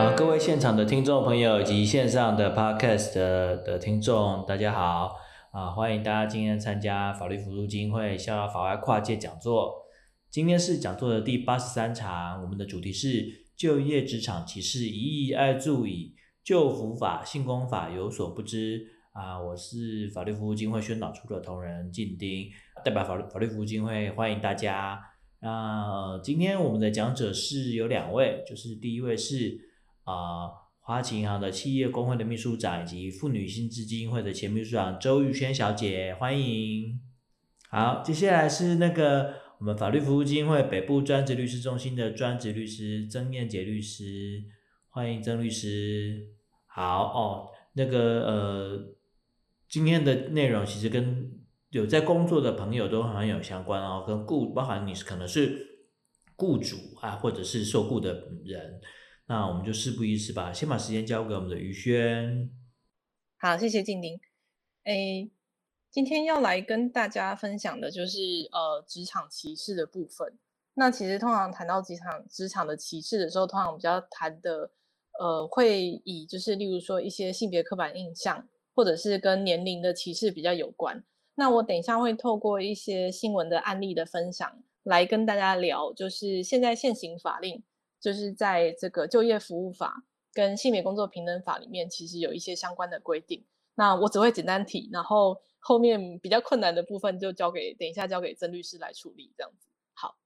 啊、各位現場的聽眾朋友以及線上的 Podcast 的，的聽眾，大家好！啊，歡迎大家今天參加法律扶助基金會逍遙法外跨界講座。今天是講座的第八十三場，我們的主題是就業職場歧視，咦，愛注意，就服法、性工法有所不知啊！我是法律扶助基金會宣導處的同仁靜丁，代表法律法律扶助基金會歡迎大家。那、啊、今天我們的講者是有兩位，就是第一位是。啊，花旗銀行的企業工會的秘書長以及婦女新知基金會的前秘書長周於萱小姐，歡迎。好，接下來是那個我們法律服務基金會北部專職律師中心的專職律師曾彥傑律師，歡迎曾律師。好哦，那個呃，今天的內容其實跟有在工作的朋友都很有相關哦，跟雇，包含你是可能是雇主啊，或者是受雇的人。那我們就事不宜遲吧，先把時間交給我們的於萱。好，謝謝靜寧。哎，今天要來跟大家分享的就是呃職場歧視的部分。那其實通常談到職場職場的歧視的時候，通常比較談的呃會以就是例如說一些性別刻板印象，或者是跟年齡的歧視比較有關。那我等一下會透過一些新聞的案例的分享來跟大家聊，就是現在現行法令。就是在這個就業服務法跟性別工作平等法裡面，其實有一些相關的規定。那我只會簡單提，然後後面比較困難的部分就交給等一下交給曾律師來處理這樣子。好，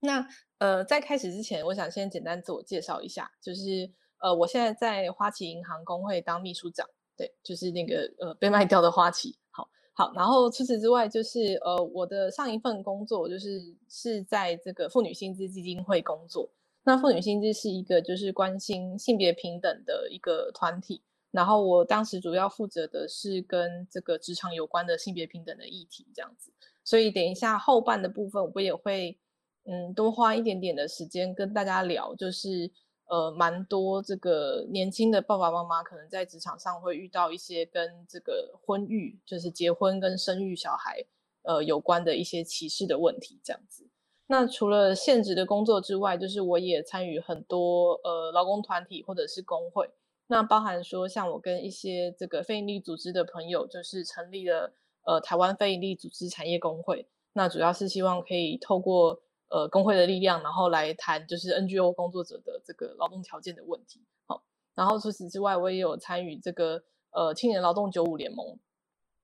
那呃，在開始之前，我想先簡單自我介紹一下，就是呃，我現在在花旗銀行工會當秘書長，對，就是那個呃被賣掉的花旗。好好，然後除此之外，就是呃，我的上一份工作就是是在這個婦女新知基金會工作。那婦女新知是一個就是關心性別平等的一個團體，然後我當時主要負責的是跟這個職場有關的性別平等的議題這樣子，所以等一下後半的部分，我也會嗯多花一點點的時間跟大家聊，就是呃蠻多這個年輕的爸爸媽媽可能在職場上會遇到一些跟這個婚育，就是結婚跟生育小孩呃有關的一些歧視的問題這樣子。那除了現職的工作之外，就是我也參與很多呃勞工團體或者是工會。那包含說像我跟一些這個非營利組織的朋友，就是成立了呃台灣非營利組織產業工會。那主要是希望可以透過呃工會的力量，然後來談就是 NGO 工作者的這個勞動條件的問題。好、哦，然後除此之外，我也有參與這個呃青年勞動九五聯盟。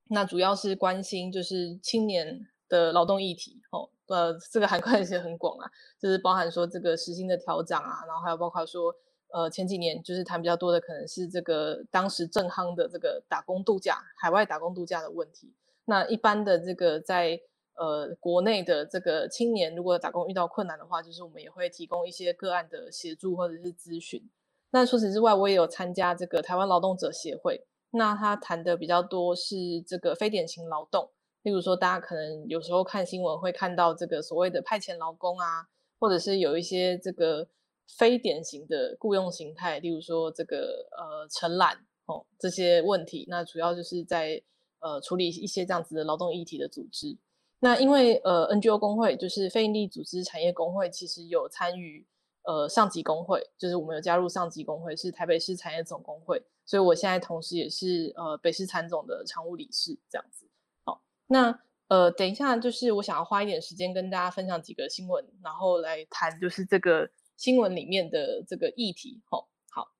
那主要是關心就是青年的勞動議題。好、哦。呃，這個涵蓋性很廣啊，就是包含說這個時薪的調整啊，然後還有包括說，呃，前幾年就是談比較多的可能是這個當時正夯的這個打工度假、海外打工度假的問題。那一般的這個在呃國內的這個青年如果打工遇到困難的話，就是我們也會提供一些個案的協助或者是諮詢。那除此之外，我也有參加這個台灣勞動者協會，那他談的比較多是這個非典型勞動。例如說，大家可能有時候看新聞會看到這個所謂的派遣勞工啊，或者是有一些這個非典型的雇傭形態，例如說這個呃承攬哦這些問題。那主要就是在呃處理一些這樣子的勞動議題的組織。那因為呃 NGO 工會就是非營利組織產業工會，其實有參與呃上級工會，就是我們有加入上級工會是台北市產業總工會，所以我現在同時也是呃北市產總的常務理事這樣子。那呃，等一下，就是我想要花一點時間跟大家分享幾個新聞，然後來談就是這個新聞裡面的這個議題哦。好，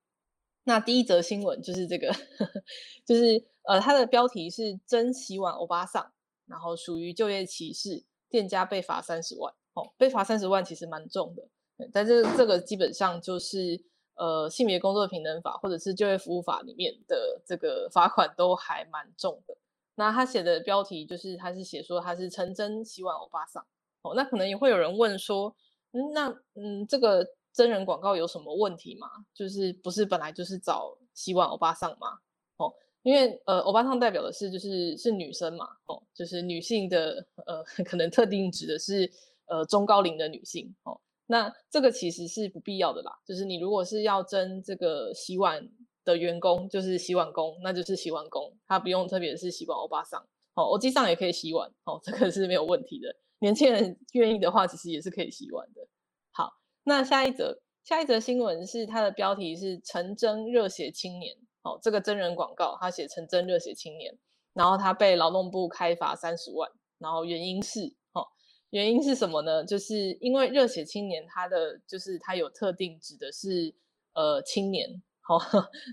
那第一則新聞就是這個，呵呵就是呃，它的標題是“徵洗碗歐巴桑”，然後屬於就業歧視，店家被罰三十萬哦，被罰三十萬其實蠻重的。但是這個基本上就是呃，性別工作平等法或者是就業服務法裡面的這個罰款都還蠻重的。那他寫的標題就是，他是寫說他是徵人洗碗歐巴桑哦。那可能也會有人問說，嗯，那嗯，這個徵人廣告有什麼問題嗎？就是不是本來就是找洗碗歐巴桑嗎？哦，因為呃，歐巴桑代表的是就是是女生嘛，哦，就是女性的呃，可能特定指的是呃中高齡的女性哦。那這個其實是不必要的啦，就是你如果是要徵這個洗碗的員工就是洗碗工。那就是洗碗工，他不用特別是洗碗歐巴桑哦，歐吉桑也可以洗碗哦，這個是沒有問題的。年輕人願意的話，其實也是可以洗碗的。好，那下一則下一則新聞是它的標題是徵真熱血青年哦，這個徵人廣告，他寫徵真熱血青年，然後他被勞動部開罰三十萬，然後原因是哦，原因是什麼呢？就是因為熱血青年他的就是他有特定指的是呃青年。哦，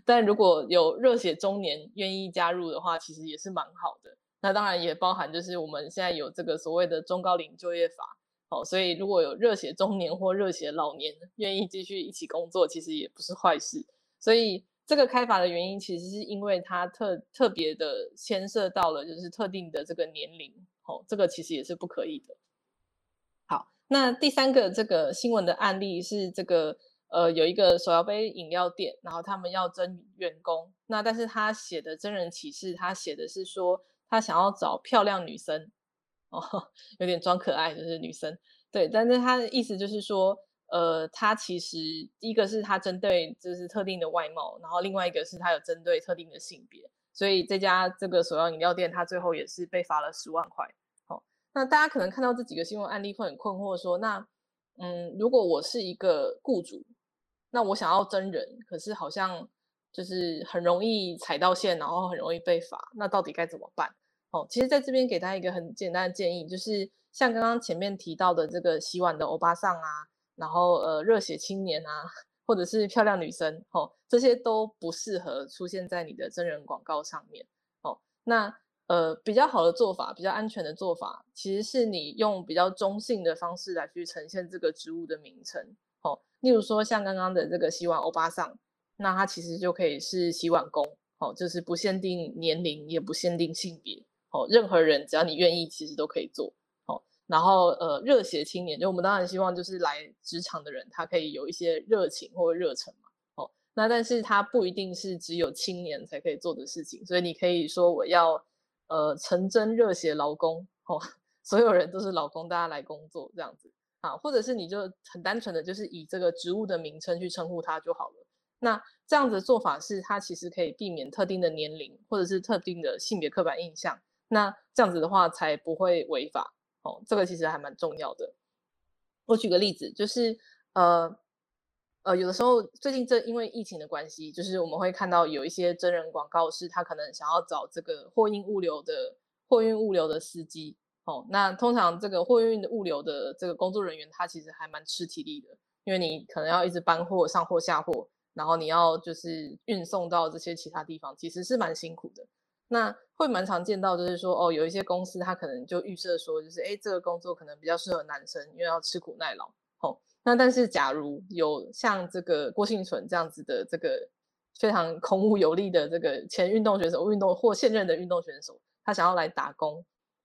但如果有熱血中年願意加入的話，其實也是蠻好的。那當然也包含，就是我們現在有這個所謂的中高齡就業法。哦，所以如果有熱血中年或熱血老年願意繼續一起工作，其實也不是壞事。所以這個開法的原因，其實是因為它特特別的牽涉到了就是特定的這個年齡。哦，這個其實也是不可以的。好，那第三個這個新聞的案例是這個。呃，有一個手搖杯飲料店，然後他們要徵員工，那但是他寫的徵人啟事，他寫的是說他想要找漂亮女生，哦，有點裝可愛，就是女生，對，但是他的意思就是說，呃，他其實一個是他針對就是特定的外貌，然後另外一個是他有針對特定的性別，所以這家這個手搖飲料店，他最後也是被罰了十萬塊。哦，那大家可能看到這幾個新聞案例會很困惑，說那嗯，如果我是一個僱主。那我想要徵人，可是好像就是很容易踩到線，然後很容易被罰。那到底該怎麼辦？哦，其實在這邊給大家一個很簡單的建議，就是像剛剛前面提到的這個洗碗的歐巴桑啊，然後呃熱血青年啊，或者是漂亮女生，哦，這些都不適合出現在你的徵人廣告上面。哦，那呃比較好的做法，比較安全的做法，其實是你用比較中性的方式來去呈現這個職務的名稱。例如說，像剛剛的這個洗碗歐巴桑，那他其實就可以是洗碗工，哦，就是不限定年齡，也不限定性別，哦，任何人只要你願意，其實都可以做，哦。然後，呃，熱血青年，就我們當然希望就是來職場的人，他可以有一些熱情或熱忱嘛，哦。那但是他不一定是只有青年才可以做的事情，所以你可以說我要，呃，成真熱血勞工。哦，所有人都是勞工，大家來工作這樣子。啊，或者是你就很單純的就是以這個職務的名稱去稱呼它就好了。那這樣子的做法是它其實可以避免特定的年齡或者是特定的性別刻板印象。那這樣子的話才不會違法哦，這個其實還蠻重要的。我舉個例子，就是呃呃，有的時候最近正因為疫情的關係，就是我們會看到有一些徵人廣告是他可能想要找這個貨運物流的貨運物流的司機。哦，那通常這個貨運的物流的這個工作人員，他其實還蠻吃體力的，因為你可能要一直搬貨、上貨、下貨，然後你要就是運送到這些其他地方，其實是蠻辛苦的。那會蠻常見到，就是說哦，有一些公司他可能就預設說，就是誒這個工作可能比較適合男生，因為要吃苦耐勞。哦，那但是假如有像這個郭婞淳這樣子的這個非常孔武有力的這個前運動選手、運動或現任的運動選手，他想要來打工。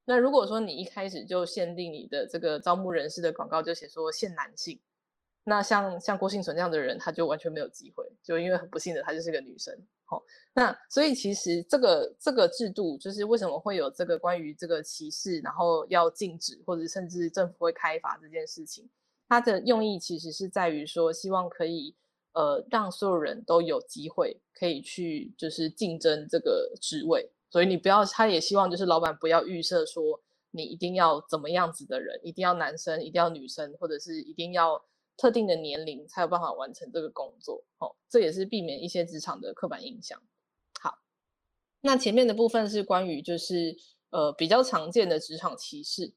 那如果說你一開始就限定你的這個招募人士的廣告就寫說限男性，那像像郭幸存這樣的人，他就完全沒有機會，就因為很不幸的她就是個女生。哦，那所以其實這個這個制度就是為什麼會有這個關於這個歧視，然後要禁止或者甚至政府會開罰這件事情，它的用意其實是在於說，希望可以呃讓所有人都有機會可以去就是競爭這個職位。所以你不要，他也希望就是老闆不要預設說你一定要怎麼樣子的人，一定要男生，一定要女生，或者是一定要特定的年齡才有辦法完成這個工作哦。這也是避免一些職場的刻板印象。好，那前面的部分是關於就是呃比較常見的職場歧視。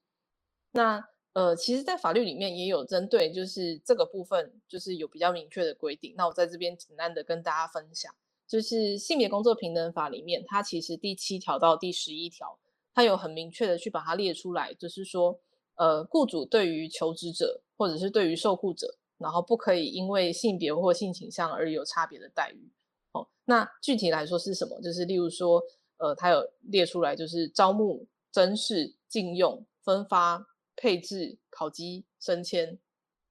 那呃其實，在法律裡面也有針對就是這個部分，就是有比較明確的規定。那我在這邊簡單的跟大家分享。就是性別工作平等法裡面，它其實第七條到第十一條，它有很明確的去把它列出來，就是說，呃，雇主對於求職者或者是對於受僱者，然後不可以因為性別或性傾向而有差別的待遇。哦，那具體來說是什麼？就是例如說，呃，它有列出來，就是招募、甄試、進用、分發、配置、考績、升遷。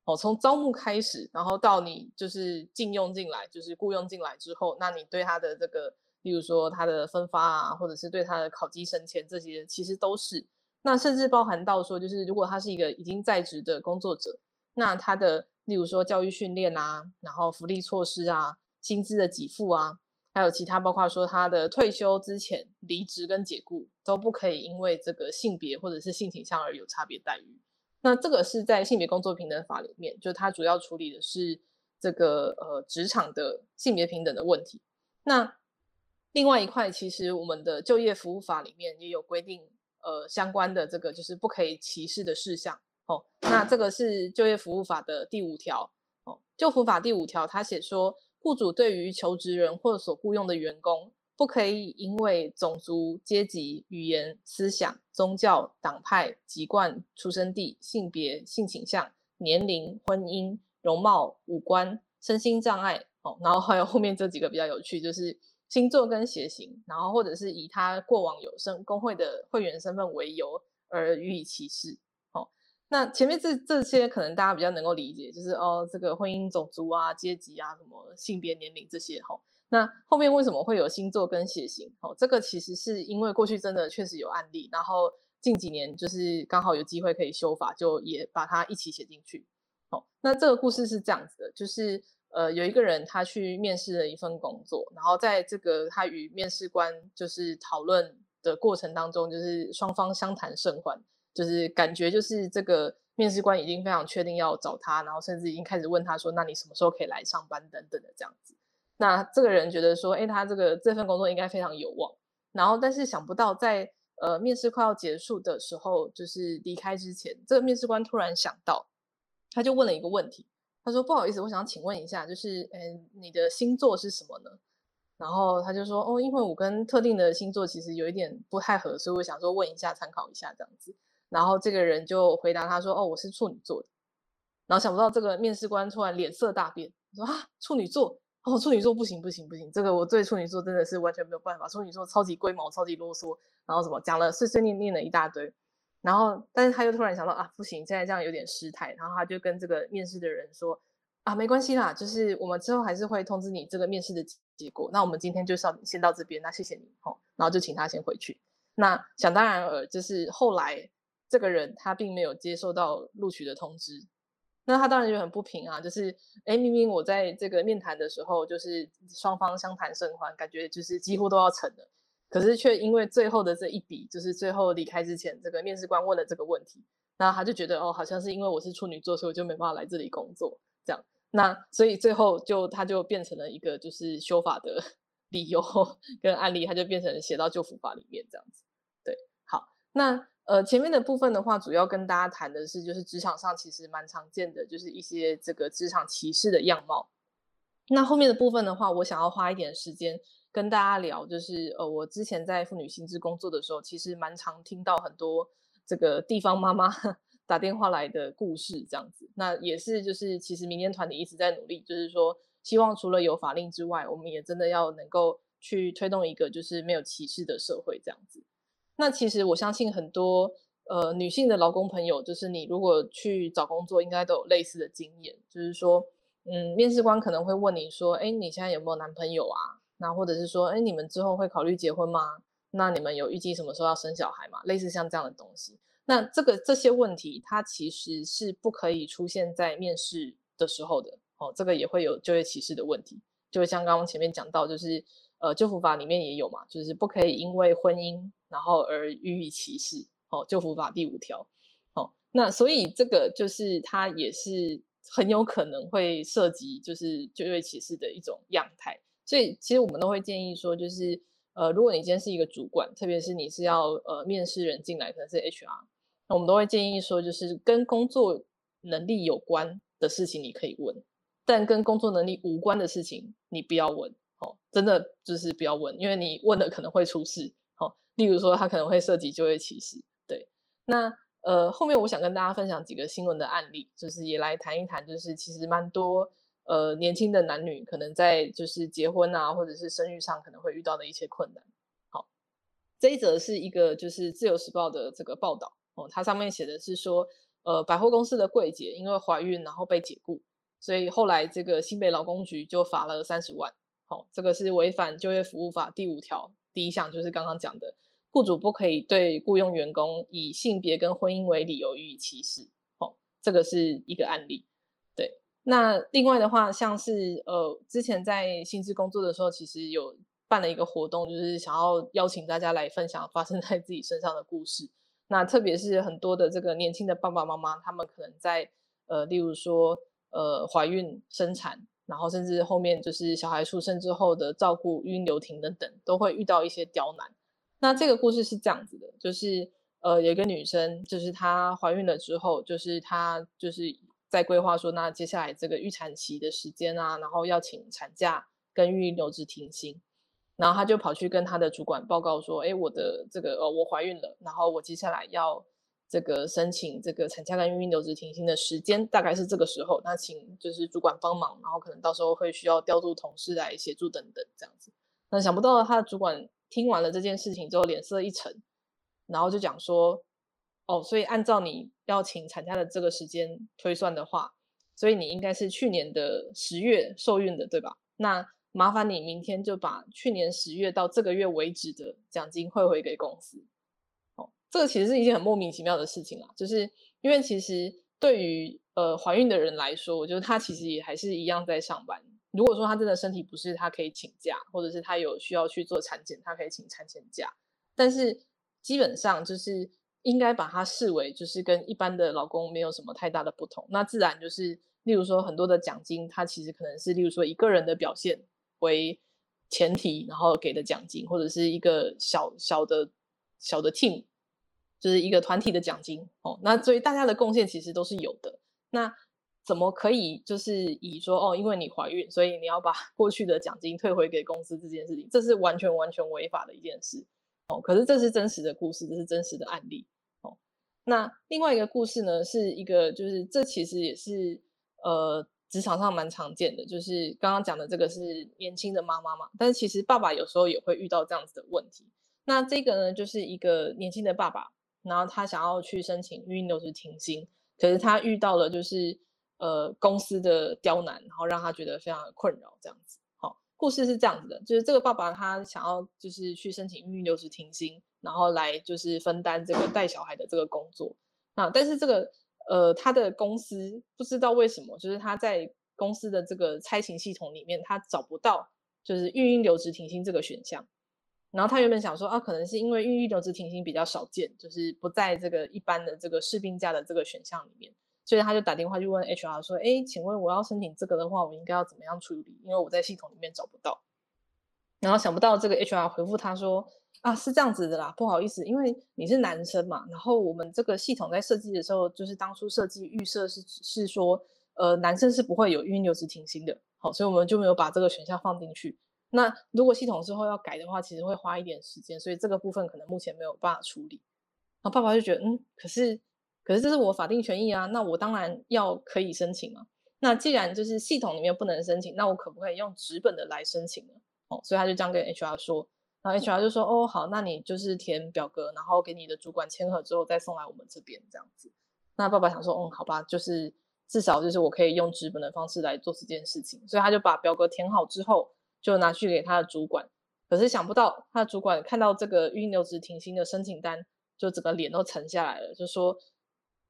哦，從招募開始，然後到你就是聘用進來，就是僱傭進來之後，那你對他的這個，例如說他的分發啊，或者是對他的考績升遷這些，其實都是。那甚至包含到說，就是如果他是一個已經在職的工作者，那他的例如說教育訓練啊，然後福利措施啊，薪資的給付啊，還有其他包括說他的退休之前離職跟解雇，都不可以因為這個性別或者是性傾向而有差別待遇。那這個是在性別工作平等法裡面，就它主要處理的是這個呃職場的性別平等的問題。那另外一塊，其實我們的就業服務法裡面也有規定，呃，相關的這個就是不可以歧視的事項哦。那這個是就業服務法的第五條哦，就服法第五條它寫說，雇主對於求職人或所雇用的員工。不可以因為種族、階級、語言、思想、宗教、黨派、籍貫、出生地、性別、性傾向、年齡、婚姻、容貌、五官、身心障礙，哦，然後還有後面這幾個比較有趣，就是星座跟血型，然後或者是以他過往有生工會的會員身份為由而予以歧視，哦，那前面這這些可能大家比較能夠理解，就是哦，這個婚姻、種族啊、階級啊、什麼性別、年齡這些，哦那後面為什麼會有星座跟血型？哦，這個其實是因為過去真的確實有案例，然後近幾年就是剛好有機會可以修法，就也把它一起寫進去。哦，那這個故事是這樣子的，就是呃有一個人他去面試了一份工作，然後在這個他與面試官就是討論的過程當中，就是雙方相談甚歡，就是感覺就是這個面試官已經非常確定要找他，然後甚至已經開始問他說，那你什麼時候可以來上班等等的這樣子。那這個人覺得說，哎、欸，他這個這份工作應該非常有望。然後，但是想不到在呃面試快要結束的時候，就是離開之前，這個面試官突然想到，他就問了一個問題，他說：“不好意思，我想請問一下，就是嗯、欸，你的星座是什麼呢？”然後他就說：“哦，因為我跟特定的星座其實有一點不太合，所以我想說問一下，參考一下這樣子。”然後這個人就回答他說：“哦，我是處女座的。”然後想不到這個面試官突然臉色大變，說：“啊，處女座！”哦，處女座不行不行不行，這個我對處女座真的是完全沒有辦法。處女座超級龜毛，超級囉嗦，然後什麼講了碎碎念念了一大堆，然後但是他又突然想到啊，不行，現在這樣有點失態，然後他就跟這個面試的人說啊，沒關係啦，就是我們之後還是會通知你這個面試的結果，那我們今天就到先到這邊，那謝謝你哦，然後就請他先回去。那想當然爾，就是後來這個人他並沒有接受到錄取的通知。那他當然就很不平啊，就是誒，明明我在這個面談的時候，就是雙方相談甚歡，感覺就是幾乎都要成了，可是卻因為最後的這一筆，就是最後離開之前，這個面試官問了這個問題，那他就覺得哦，好像是因為我是處女座，所以我就沒辦法來這裡工作這樣。那所以最後就他就變成了一個就是修法的理由跟案例，他就變成了寫到就服法裡面這樣子。對，好，那。呃，前面的部分的話，主要跟大家談的是，就是職場上其實蠻常見的，就是一些這個職場歧視的樣貌。那後面的部分的話，我想要花一點時間跟大家聊，就是呃，我之前在婦女新知工作的時候，其實蠻常聽到很多這個地方媽媽打電話來的故事這樣子。那也是就是，其實民間團體一直在努力，就是說希望除了有法令之外，我們也真的要能夠去推動一個就是沒有歧視的社會這樣子。那其實我相信很多呃女性的勞工朋友，就是你如果去找工作，應該都有類似的經驗，就是說，嗯，面試官可能會問你說，哎，你現在有沒有男朋友啊？那或者是說，誒，你們之後會考慮結婚嗎？那你們有預計什麼時候要生小孩嗎？類似像這樣的東西，那這個這些問題，它其實是不可以出現在面試的時候的哦。這個也會有就業歧視的問題，就像剛剛前面講到，就是呃，就服法裡面也有嘛，就是不可以因為婚姻。然後而予以歧視，哦，就服法第五條，哦，那所以這個就是它也是很有可能會涉及就是就業歧視的一種樣態。所以其實我們都會建議說，就是呃，如果你今天是一個主管，特別是你是要呃面試人進來，可能是 HR，那我們都會建議說，就是跟工作能力有關的事情你可以問，但跟工作能力無關的事情你不要問，哦，真的就是不要問，因為你問了可能會出事。例如說，他可能會涉及就業歧視對。那呃，後面我想跟大家分享幾個新聞的案例，就是也來談一談，就是其實蠻多呃年輕的男女可能在就是結婚啊，或者是生育上可能會遇到的一些困難。好，這一則是一個就是《自由時報》的這個報道哦，它上面寫的是說，呃，百貨公司的櫃姐因為懷孕然後被解雇，所以後來這個新北勞工局就罰了三十萬。好，哦，這個是違反就業服務法第五條。第一項就是剛剛講的，雇主不可以對雇傭員工以性別跟婚姻為理由予以歧視。哦，這個是一個案例。對，那另外的話，像是呃，之前在新知工作的時候，其實有辦了一個活動，就是想要邀請大家來分享發生在自己身上的故事。那特別是很多的這個年輕的爸爸媽媽，他們可能在呃，例如說呃，懷孕、生產。然後甚至後面就是小孩出生之後的照顧、育嬰留停等等，都會遇到一些刁難。那這個故事是這樣子的，就是呃，有一個女生，就是她懷孕了之後，就是她就是在規劃說，那接下來這個預產期的時間啊，然後要請產假跟育嬰留職停薪，然後她就跑去跟她的主管報告說，哎，我的這個呃、哦、我懷孕了，然後我接下來要。這個申請這個產假跟育嬰留職停薪的時間大概是這個時候，那請就是主管幫忙，然後可能到時候會需要調度同事來協助等等這樣子。那想不到他的主管聽完了這件事情之後，臉色一沉，然後就講說，哦，所以按照你要請產假的這個時間推算的話，所以你應該是去年的十月受孕的對吧？那麻煩你明天就把去年十月到這個月為止的獎金匯回給公司。這個其實是一件很莫名其妙的事情啊，就是因為其實對於呃懷孕的人來說，我覺得她其實也還是一樣在上班。如果說她真的身體不適，她可以請假，或者是她有需要去做產檢，她可以請產檢假。但是基本上就是應該把她視為就是跟一般的勞工沒有什麼太大的不同。那自然就是例如說很多的獎金，她其實可能是例如說一個人的表現為前提，然後給的獎金，或者是一個小小的、小的 team。就是一個團體的獎金哦，那所以大家的貢獻其實都是有的。那怎麼可以就是以說哦，因為你懷孕，所以你要把過去的獎金退回給公司這件事情？這是完全完全違法的一件事哦。可是這是真實的故事，這是真實的案例哦。那另外一個故事呢，是一個就是這其實也是呃職場上蠻常見的，就是剛剛講的這個是年輕的媽媽嘛，但是其實爸爸有時候也會遇到這樣子的問題。那這個呢，就是一個年輕的爸爸。然後他想要去申請育嬰留職停薪，可是他遇到了就是呃公司的刁難，然後讓他覺得非常的困擾這樣子。好、哦，故事是這樣子的，就是這個爸爸他想要就是去申請育嬰留職停薪，然後來就是分擔這個帶小孩的這個工作。啊，但是這個呃他的公司不知道為什麼，就是他在公司的這個差勤系統裡面他找不到就是育嬰留職停薪這個選項。然後他原本想說，啊，可能是因為育嬰留職停薪比較少見，就是不在這個一般的這個事病假的這個選項裡面，所以他就打電話去問 HR 說，哎，請問我要申請這個的話，我應該要怎麼樣處理？因為我在系統裡面找不到。然後想不到這個 HR 回復他說，啊，是這樣子的啦，不好意思，因為你是男生嘛，然後我們這個系統在設計的時候，就是當初設計預設是是說，呃，男生是不會有育嬰留職停薪的，好，所以我們就沒有把這個選項放進去。那如果系統之後要改的話，其實會花一點時間，所以這個部分可能目前沒有辦法處理。然後爸爸就覺得，嗯，可是，可是這是我法定權益啊，那我當然要可以申請嘛。那既然就是系統裡面不能申請，那我可不可以用紙本的來申請呢？哦，所以他就這樣跟 HR 說。然後 HR 就說，哦，好，那你就是填表格，然後給你的主管簽核之後再送來我們這邊這樣子。那爸爸想說，嗯、哦，好吧，就是至少就是我可以用紙本的方式來做這件事情，所以他就把表格填好之後。就拿去給他的主管，可是想不到他的主管看到這個育嬰留職停薪的申請單，就整個臉都沉下來了，就說：“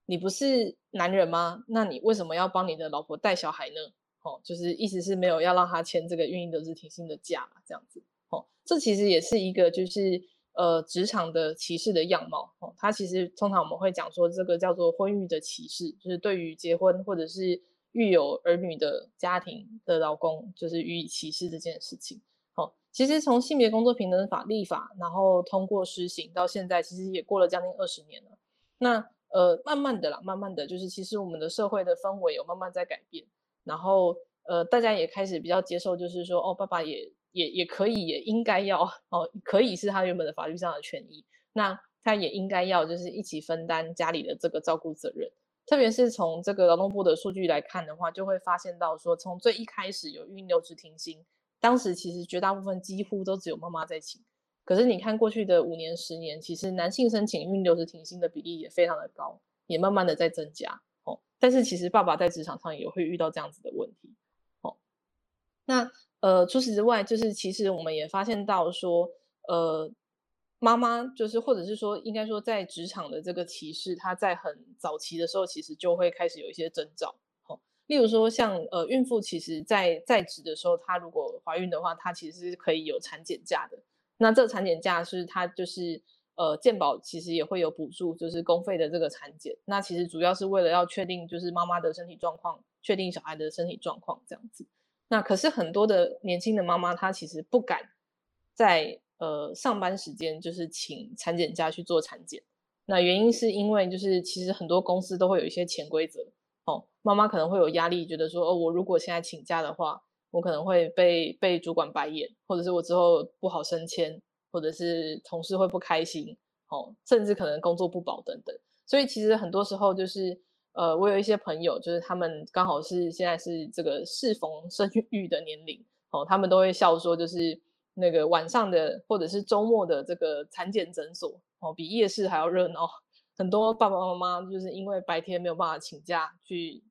你不是男人嗎？那你為什麼要幫你的老婆帶小孩呢？”哦，就是意思是沒有要讓他簽這個育嬰留職停薪的假了，這樣子。哦，這其實也是一個就是呃職場的歧視的樣貌。哦，他其實通常我們會講說這個叫做婚育的歧視，就是對於結婚或者是。育有兒女的家庭的勞工，就是予以歧視這件事情。哦，其實從性別工作平等法立法，然後通過施行到現在，其實也過了將近二十年了。那呃，慢慢的啦，慢慢的就是，其實我們的社會的氛圍有慢慢在改變，然後呃，大家也開始比較接受，就是說，哦，爸爸也也也可以，也應該要哦，可以是他原本的法律上的權益，那他也應該要就是一起分擔家裡的這個照顧責任。特別是從這個勞動部的數據來看的話，就會發現到說，從最一開始有育留職停薪，當時其實絕大部分幾乎都只有媽媽在請。可是你看過去的五年、十年，其實男性申請育留職停薪的比例也非常的高，也慢慢的在增加。哦，但是其實爸爸在職場上也會遇到這樣子的問題。哦，那呃，除此之外，就是其實我們也發現到說，呃。媽媽就是，或者是說，應該說，在職場的這個歧視，她在很早期的時候，其實就會開始有一些徵兆。哦，例如說像，像呃，孕婦其實，在在職的時候，她如果懷孕的話，她其實是可以有產檢假的。那這產檢假是她就是呃，健保其實也會有補助，就是公費的這個產檢。那其實主要是為了要確定，就是媽媽的身體狀況，確定小孩的身體狀況這樣子。那可是很多的年輕的媽媽，她其實不敢在。呃，上班時間就是請產檢假去做產檢，那原因是因為就是其實很多公司都會有一些潛規則哦，媽媽可能會有壓力，覺得說哦，我如果現在請假的話，我可能會被被主管白眼，或者是我之後不好升遷，或者是同事會不開心哦，甚至可能工作不保等等。所以其實很多時候就是，呃，我有一些朋友就是他們剛好是現在是這個適逢生育的年齡哦，他們都會笑說就是。那個晚上的或者是週末的這個產檢診所哦，比夜市還要熱鬧，哦。很多爸爸媽媽就是因為白天沒有辦法請假去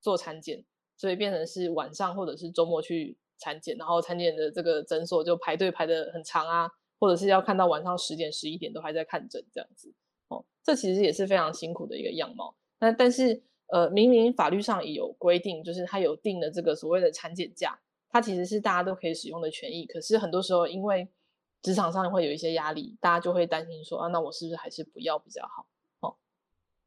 做產檢，所以變成是晚上或者是週末去產檢，然後產檢的這個診所就排隊排得很長啊，或者是要看到晚上十點十一點都還在看診這樣子哦。這其實也是非常辛苦的一個樣貌。那但是呃，明明法律上也有規定，就是他有定的這個所謂的產檢假。它其實是大家都可以使用的權益，可是很多時候因為職場上會有一些壓力，大家就會擔心說啊，那我是不是還是不要比較好？哦，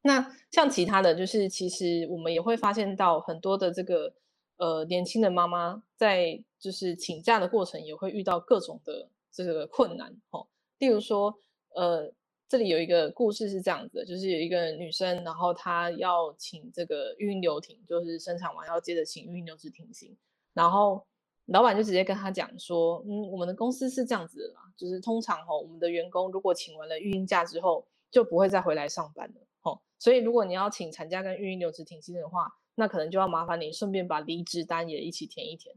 那像其他的就是，其實我們也會發現到很多的這個呃年輕的媽媽在就是請假的過程也會遇到各種的這個困難哦，例如說呃這裡有一個故事是這樣子，就是有一個女生，然後她要請這個育嬰留停，就是生產完要接着請育嬰留職停薪，然後。老板就直接跟他講說，嗯，我們的公司是這樣子的嘛，就是通常吼、哦，我們的員工如果請完了育嬰假之後，就不會再回來上班了，吼、哦，所以如果你要請產假跟育嬰留職停薪的話，那可能就要麻煩你順便把離職單也一起填一填，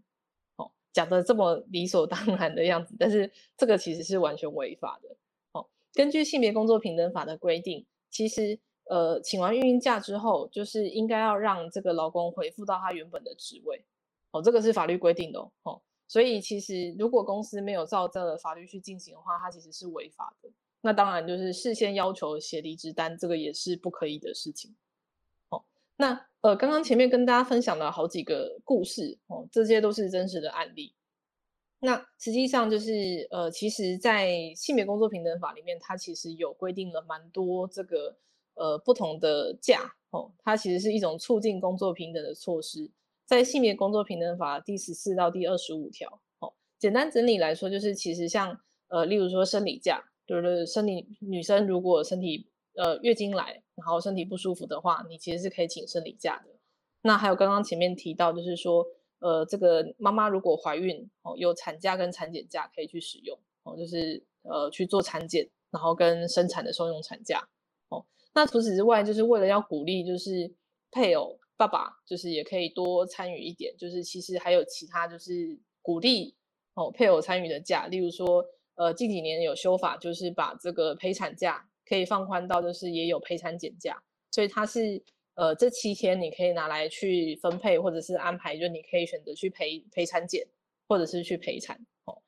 哦，講的這麼理所當然的樣子，但是這個其實是完全違法的，哦，根據性別工作平等法的規定，其實呃，請完育嬰假之後，就是應該要讓這個勞工回復到他原本的職位。哦，這個是法律規定的哦，哦，所以其實如果公司沒有照這個法律去進行的話，它其實是違法的。那當然就是事先要求寫離職單，這個也是不可以的事情。哦，那呃，剛剛前面跟大家分享了好幾個故事哦，這些都是真實的案例。那實際上就是呃，其實，在性別工作平等法裡面，它其實有規定了蠻多這個呃不同的假哦，它其實是一種促進工作平等的措施。在性別工作平等法第十四到第二十五條，哦，簡單整理來說，就是其實像呃，例如說生理假，就是生理女生如果身體呃月經來，然後身體不舒服的話，你其實是可以請生理假的。那還有剛剛前面提到，就是說呃，這個媽媽如果懷孕，哦、呃，有產假跟產檢假可以去使用，哦、呃，就是呃去做產檢，然後跟生產的時候用產假，哦、呃，那除此之外，就是為了要鼓勵就是配偶，爸爸就是也可以多參與一點，就是其實還有其他就是鼓勵哦配偶參與的假，例如說呃近幾年有修法，就是把這個陪產假可以放寬到就是也有陪產檢假，所以它是呃這七天你可以拿來去分配或者是安排，就是你可以選擇去陪陪產檢，或者是去陪產哦。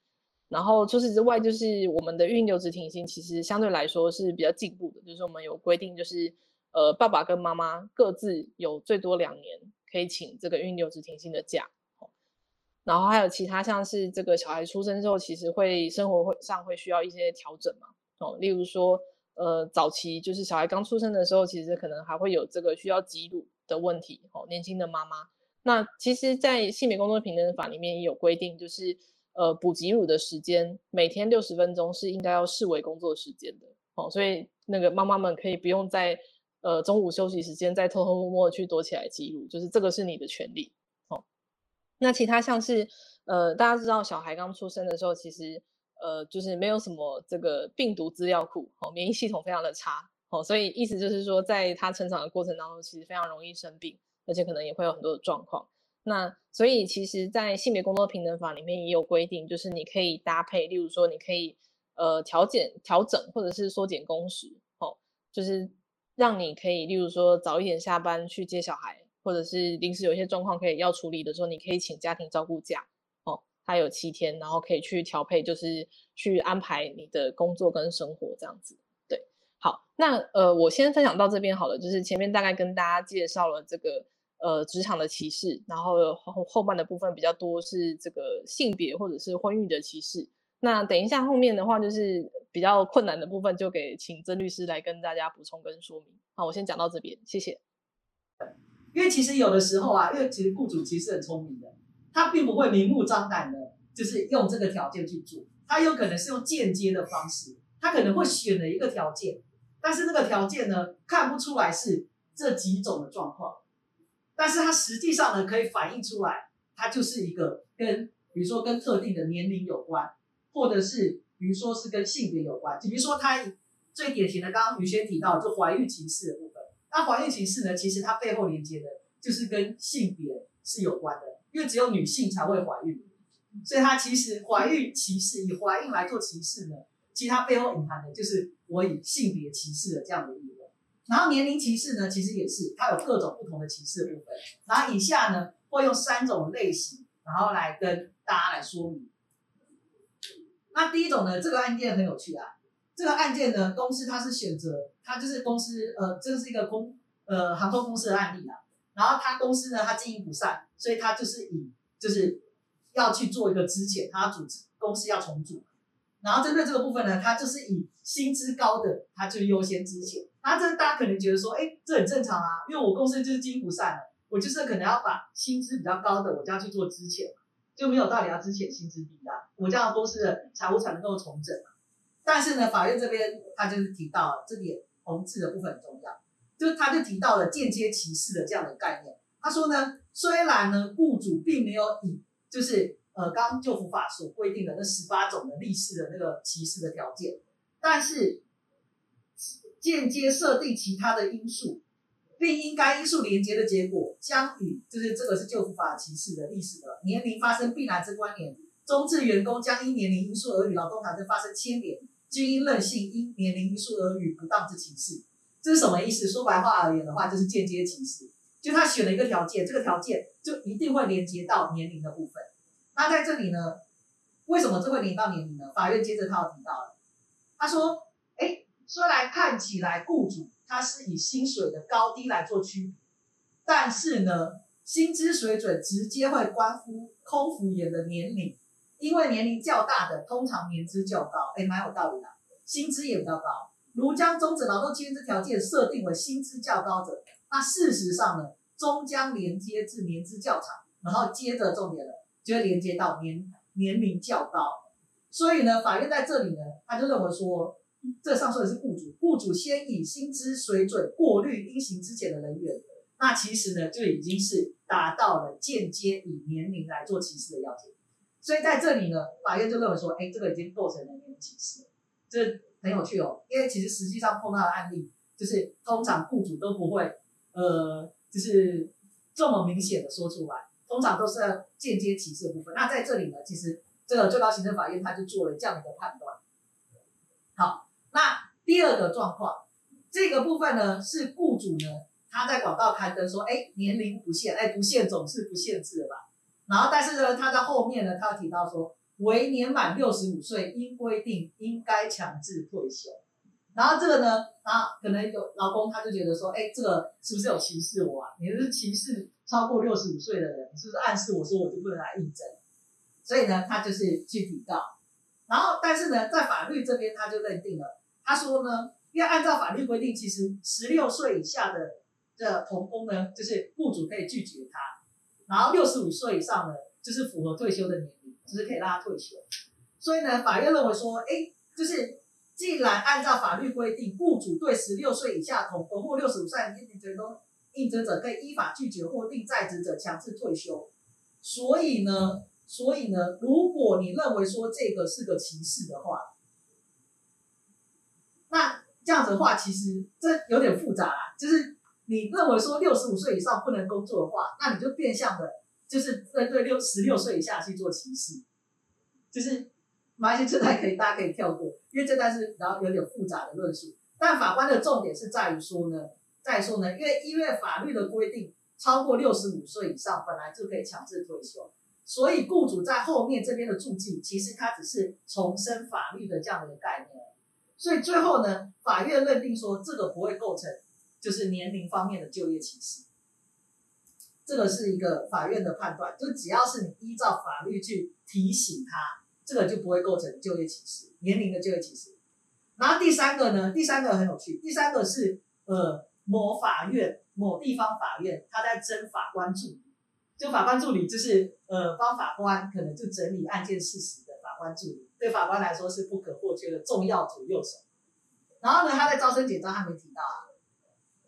然後除此之外，就是我們的育嬰留職停薪其實相對來說是比較進步的，就是我們有規定就是。呃，爸爸跟媽媽各自有最多兩年可以請這個，育嬰留職停薪的假，哦，然後還有其他像是這個小孩出生之後，其實會生活會上會需要一些調整嘛，哦，例如說，呃，早期就是小孩剛出生的時候，其實可能還會有這個需要擠乳的問題，哦，年輕的媽媽，那其實，在性別工作平等法裡面也有規定，就是呃，哺集乳的時間每天六十分鐘是應該要視為工作時間的，哦，所以那個媽媽們可以不用再。呃，中午休息時間再偷偷摸摸去躲起來記錄，就是這個是你的權利，哦。那其他像是，呃，大家知道小孩剛出生的時候，其實呃就是沒有什麼這個病毒資料庫，哦，免疫系統非常的差，哦，所以意思就是說，在他成長的過程當中，其實非常容易生病，而且可能也會有很多的狀況。那所以其實，在性別工作平等法裡面也有規定，就是你可以搭配，例如說，你可以呃調整、調整或者是縮減工時，哦，就是。讓你可以，例如說早一點下班去接小孩，或者是臨時有一些狀況可以要處理的時候，你可以請家庭照顧假哦，它有七天，然後可以去調配，就是去安排你的工作跟生活這樣子。對，好，那呃，我先分享到這邊好了，就是前面大概跟大家介紹了這個呃職場的歧視，然後後後半的部分比較多是這個性別或者是婚育的歧視。那等一下，後面的話就是比較困難的部分，就給請曾律師來跟大家補充跟說明。好，我先講到這邊，謝謝。因為其實有的時候啊，因為其實僱主其實很聰明的，他並不會明目張膽的，就是用這個條件去做，他有可能是用間接的方式，他可能會選了一個條件，但是那個條件呢，看不出來是這幾種的狀況，但是它實際上呢，可以反映出來，它就是一個跟，比如說跟特定的年齡有關。或者是，比如說，是跟性別有關，比如說，他最典型的，剛剛於萱提到，就懷孕歧視的部分。那懷孕歧視呢，其實它背後連接的就是跟性別是有關的，因為只有女性才會懷孕，所以它其實懷孕歧視以懷孕來做歧視呢，其實它背後隱含的就是我以性別歧視的這樣的一個。然後年齡歧視呢，其實也是，它有各種不同的歧視的部分。然後以下呢，會用三種類型，然後來跟大家來說明。那、啊、第一種呢，這個案件很有趣啊。這個案件呢，公司它是選擇，它就是公司，呃，這是一個公，呃，航空公司的案例啊。然後它公司呢，它經營不善，所以它就是以，就是要去做一個資遣，它組織公司要重組。然後針對這個部分呢，它就是以薪資高的，它就優先資遣。那、啊、這大家可能覺得說，哎，這很正常啊，因為我公司就是經營不善了，我就是可能要把薪資比較高的，我就要去做資遣，就沒有道理要資遣薪資低啊。我這樣公司的財務才能夠重整嘛，啊。但是呢，法院這邊他就是提到了這裡紅字的部分很重要，就他就提到了間接歧視的這樣的概念。他說呢，雖然呢雇主並沒有以就是呃，剛剛就服法所規定的那十八種的例示的那個歧視的條件，但是間接設定其他的因素，並因該因素連接的結果，將與就是這個是就服法歧視的例示的年齡發生必然之關聯。中資員工將因年齡因素而與勞動法爭發生牽連，均因任性因年齡因素而與不當之歧視。這是什麼意思？說白話而言的話，就是間接歧視。就他選了一個條件，這個條件就一定會連接到年齡的部分。那在這裡呢，為什麼這會連到年齡呢？法院接着他又提到了，他說：“誒、欸、雖然看起來雇主他是以薪水的高低來做區別，但是呢，薪資水準直接會關乎空服員的年齡。”因為年齡較大的通常年資較高，哎，蠻有道理的，啊，薪資也比較高。如將終止勞動契約之條件設定為薪資較高者，那事實上呢，終將連接至年資較長，然後接着重點了，就會連接到年年齡較高。所以呢，法院在這裡呢，他就認為說，這上訴人是雇主，雇主先以薪資水準過濾應行資遣的人員，那其實呢，就已經是達到了間接以年齡來做歧視的要件。所以在這裡呢，法院就認為說，哎、欸，這個已經構成了年齡歧視，這、就是、很有趣哦。因為其實實際上碰到的案例，就是通常雇主都不會，呃，就是這麼明顯的說出來，通常都是間接歧視的部分。那在這裡呢，其實這個最高行政法院他就做了這樣的判斷。好，那第二個狀況，這個部分呢是雇主呢他在廣告刊登說，哎、欸，年齡不限，哎、欸，不限總是不限制了吧？然後，但是呢，他在後面呢，他有提到說，為年滿六十五歲，應規定應該強制退休。然後這個呢，啊，可能有勞工他就覺得說，哎，這個是不是有歧視我啊？你是歧視超過六十五歲的人，是不是暗示我說我就不能來應徵？所以呢，他就是去提告。然後，但是呢，在法律這邊他就認定了，他說呢，因為按照法律規定，其實十六歲以下的這童工呢，就是雇主可以拒絕他。然後六十五歲以上的就是符合退休的年齡，就是可以讓他退休。所以呢，法院認為說，哎，就是既然按照法律規定，雇主對十六歲以下童工或六十五歲以上年滿者都應徵者，被依法拒絕或令在職者強制退休。所以呢，所以呢，如果你認為說這個是個歧視的話，那這樣子的話，其實這有點複雜啦、啊，就是。你認為說六十五歲以上不能工作的話，那你就變相的，就是針對六十六歲以下去做歧視。就是馬來西亞這段可以，大家可以跳過，因為這段是然後有點複雜的論述。但法官的重點是在於說呢，在於說呢，因為因為法律的規定，超過六十五歲以上本來就可以強制退休，所以雇主在後面這邊的注記，其實他只是重申法律的這樣的概念。所以最後呢，法院認定說這個不會構成。就是年齡方面的就業歧視，這個是一個法院的判斷。就只要是你依照法律去提醒他，這個就不會構成就業歧視，年齡的就業歧視。然後第三個呢，第三個很有趣，第三個是呃，某法院、某地方法院，他在徵法官助理。就法官助理就是呃，幫法官可能就整理案件事實的法官助理，對法官來說是不可或缺的重要左右手。然後呢，他在招生簡章還沒提到啊。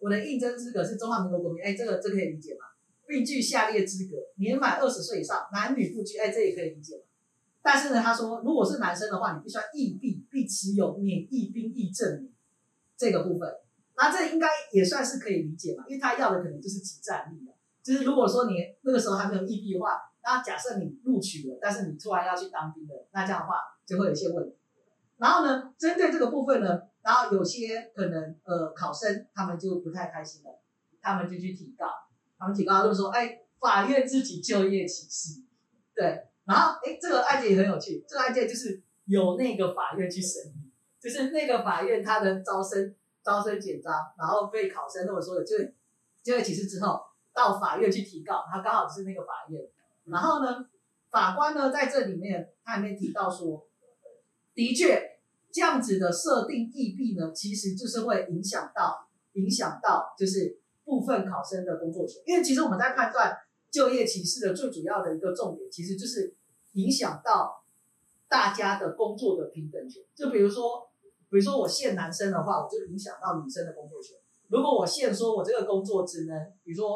我的應徵資格是中華民國國民，哎，這個這個可以理解嘛？並具下列資格：年滿二十歲以上，男女不拘。哎，這個也可以理解。但是呢，他說如果是男生的話，你必須要役畢，必持有免役兵役證明，這個部分，那這應該也算是可以理解吧？因為他要的可能就是即戰力。就是如果說你那個時候還沒有役畢的話，那假設你錄取了，但是你突然要去當兵了，那這樣的話就會有一些問題。然後呢，針對這個部分呢？然後有些可能呃考生，他們就不太開心了，他們就去提告，他們提告，他就說：“哎，法院自己就業歧視。”對，然後誒、哎、這個案件也很有趣，這個案件就是由那個法院去審理，就是那個法院他的招生招生簡章，然後被考生那麼說的，就就業歧視之後到法院去提告，他剛好是那個法院。然後呢，法官呢，在這裡面，他裡面提到說，的確。這樣子的設定利弊呢，其實就是會影響到、影響到就是部分考生的工作權。因為其實我們在判斷就業歧視的最主要的一個重點，其實就是影響到大家的工作的平等權。就比如說，比如說我限男生的話，我就影響到女生的工作權。如果我限說我這個工作只能，比如說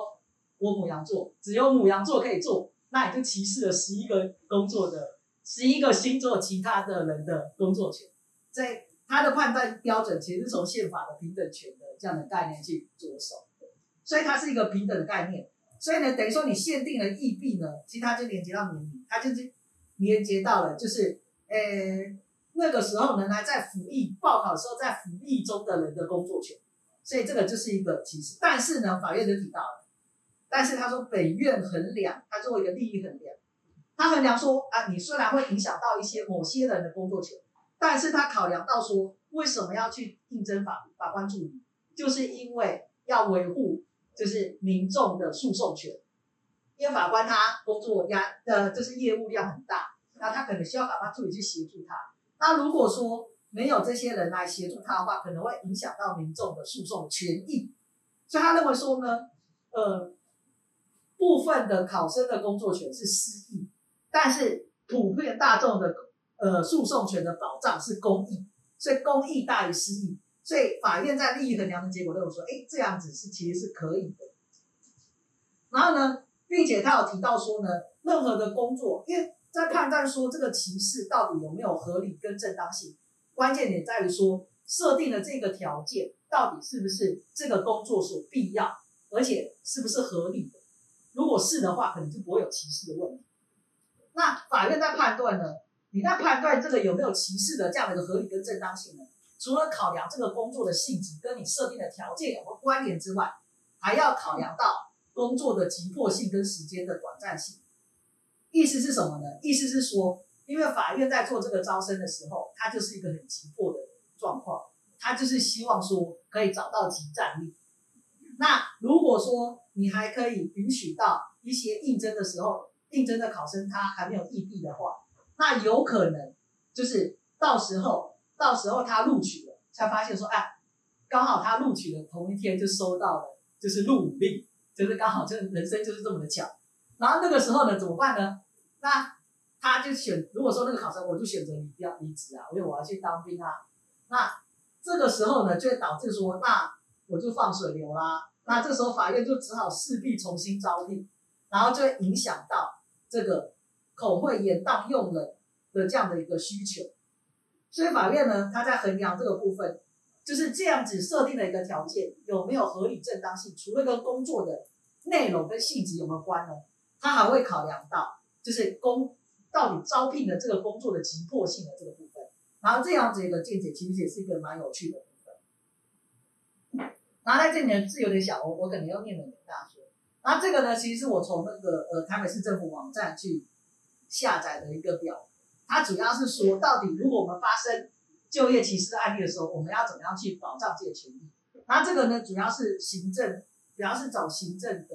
我牡羊座，只有牡羊座可以做，那也就歧視了十一個工作的十一個星座其他的人的工作權。在他的判斷標準，其實是從憲法的平等權的這樣的概念去着手，所以它是一個平等的概念。所以呢，等於說你限定了義幣呢，其實他就連接到年齡，它就是連接到了，就是呃那個時候能來在服役報考的時候在服役中的人的工作權。所以這個就是一個歧視。但是呢，法院就提到了，但是他說本院衡量，他作為一個利益衡量，他衡量說啊，你雖然會影響到一些某些人的工作權。但是他考量到說，為什麼要去應徵法法官助理？就是因為要維護就是民眾的訴訟權，因為法官他工作壓呃就是業務量很大，那他可能需要法官助理去協助他。那如果說沒有這些人來協助他的話，可能會影響到民眾的訴訟權益。所以他認為說呢，呃，部分的考生的工作權是私益，但是普遍大眾的。呃，訴訟權的保障是公益，所以公益大於私益，所以法院在利益衡量的結果，都有說，哎，這樣子是其實是可以的。然後呢，並且他有提到說呢，任何的工作，因為在判斷說這個歧視到底有沒有合理跟正當性，關鍵點在於說，設定了這個條件，到底是不是這個工作所必要，而且是不是合理的？如果是的話，可能就不會有歧視的問題。那法院在判斷呢？你在判斷這個有沒有歧視的這樣的一個合理跟正當性呢？除了考量這個工作的性質跟你設定的條件有沒有關聯之外，還要考量到工作的急迫性跟時間的短暫性。意思是什麼呢？意思是說，因為法院在做這個招生的時候，他就是一個很急迫的狀況，他就是希望說可以找到即戰力。那如果說你還可以允許到一些應徵的時候，應徵的考生他還沒有異地的話。那有可能，就是到時候，到時候他錄取了，才發現說，哎，剛好他錄取的同一天就收到了，就是入伍令，就是剛好，這人生就是這麼的巧。然後那個時候呢，怎麼辦呢？那他就選，如果說那個考生，我就選擇離要離職啊，因為我要去當兵啊。那這個時候呢，就會導致說，那我就放水流啦、啊。那這時候法院就只好勢必重新招聘，然後就會影響到這個。口會言當用了的，的這樣的一個需求，所以法院呢，他在衡量這個部分，就是這樣子設定了一個條件，有沒有合理正當性，除了跟工作的內容跟性質有沒有關呢？他還會考量到，就是工到底招聘的這個工作的急迫性的這個部分。然後這樣子一個見解，其實也是一個蠻有趣的部分。那在這裡字有點小，我我可能要念了點大學。那這個呢，其實是我從那個呃台北市政府網站去。下載的一個表，它主要是說到底，如果我們發生就業歧視案例的時候，我們要怎麼樣去保障這些權益？那這個呢，主要是行政，主要是走行政的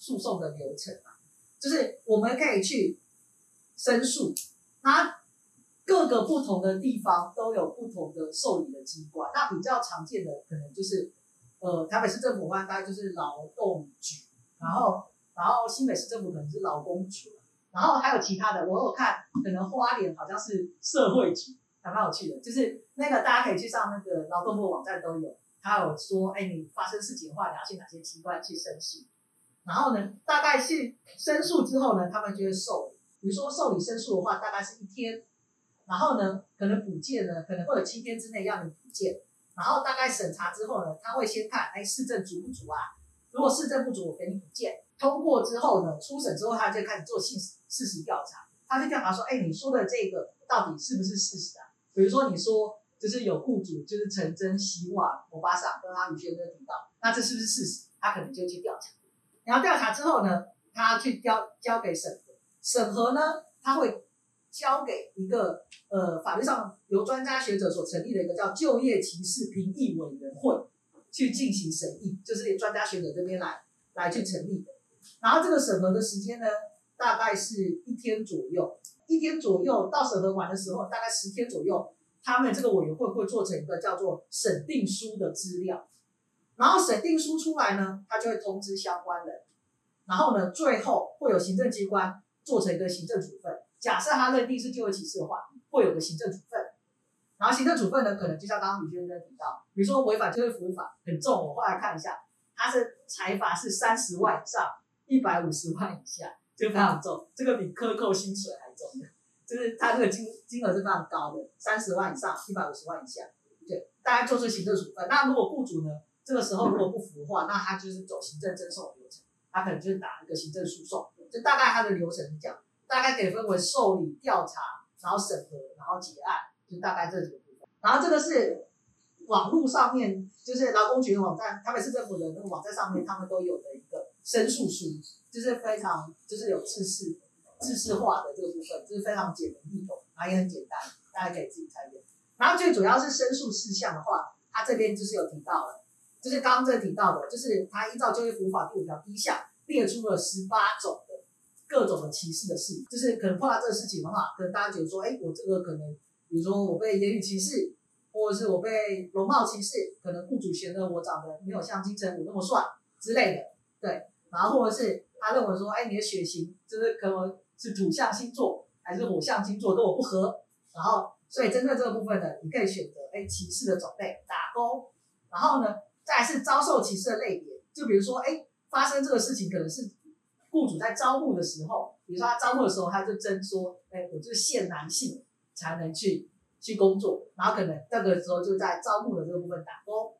訴訟的流程啊，就是我們可以去申訴。那各個不同的地方都有不同的受理的機關，那比較常見的可能就是，呃，台北市政府的話，大概就是勞動局，然後，然後新北市政府可能是勞工局啊。然後還有其他的，我有看，可能花蓮好像是社會局還蠻有趣的，就是那個大家可以去上那個勞動部網站都有，他有說，哎，你發生事情的話，你要去哪些機關去申訴。然後呢，大概是申訴之後呢，他們就會受理，比如說受理申訴的話，大概是一天，然後呢，可能補件呢，可能會有七天之內要你補件，然後大概審查之後呢，他會先看，哎，事證足不足啊？如果事證不足，我給你補件。通過之後呢，初審之後，他就開始做事，事實事實調查。他就調查說，哎、欸，你說的這個到底是不是事實啊？比如說，你說就是有雇主就是徵人希望歐巴桑跟他女學生領導，那這是不是事實？他可能就去調查。然後調查之後呢，他去交交給審核，審核呢，他會交給一個呃法律上由專家學者所成立的一個叫就業歧視評議委員會去進行審議，就是專家學者這邊來來去成立的。然後這個審核的時間呢，大概是一天左右，一天左右到審核完的時候，大概十天左右，他們這個委員會會做成一個叫做審定書的資料，然後審定書出來呢，他就會通知相關人，然後呢，最後會有行政機關做成一個行政處分，假設他認定是就業歧視的話，會有個行政處分，然後行政處分呢，可能就像剛剛女生在提到，比如說違反就業服務法很重，我後來看一下，他的裁罰是三十萬以上。一百五十萬以下，就非常重，這個比克扣薪水還重的，就是他這個金金額是非常高的，三十萬以上，一百五十萬以下，對，對大家就是行政處分。那如果雇主呢，這個時候如果不服的話，那他就是走行政爭訟的流程，他可能就是打一個行政訴訟，就大概他的流程講，大概可以分為受理、調查，然後審核，然後結案，就大概這幾個部分。然後這個是網絡上面，就是勞工局的網站、台北市政府的那個網站上面，他們都有的。申訴書就是非常就是有制式、制式化的這個部分，就是非常簡單易懂，然後也很簡單，大家可以自己參與。然後最主要是申訴事項的話，它這邊就是有提到了，就是剛剛這提到的，就是它依照就業服法第五條第一項列出了十八種的各種的歧視的事，就是可能碰到這個事情的話，可能大家覺得說，哎、欸，我這個可能，比如說我被言語歧視，或者是我被容貌歧視，可能雇主覺得我長得沒有像金城武那麼帥之類的，對。然後或者是他認為說，哎，你的血型就是跟我是土象星座還是火象星座跟我不合，然後所以針對這個部分呢，你可以選擇哎歧視的種類打勾。然後呢，再是遭受歧視的類別，就比如說哎發生這個事情可能是雇主在招募的時候，比如說他招募的時候他就真說哎我就限男性才能去，去工作，然後可能這個時候就在招募的這個部分打勾，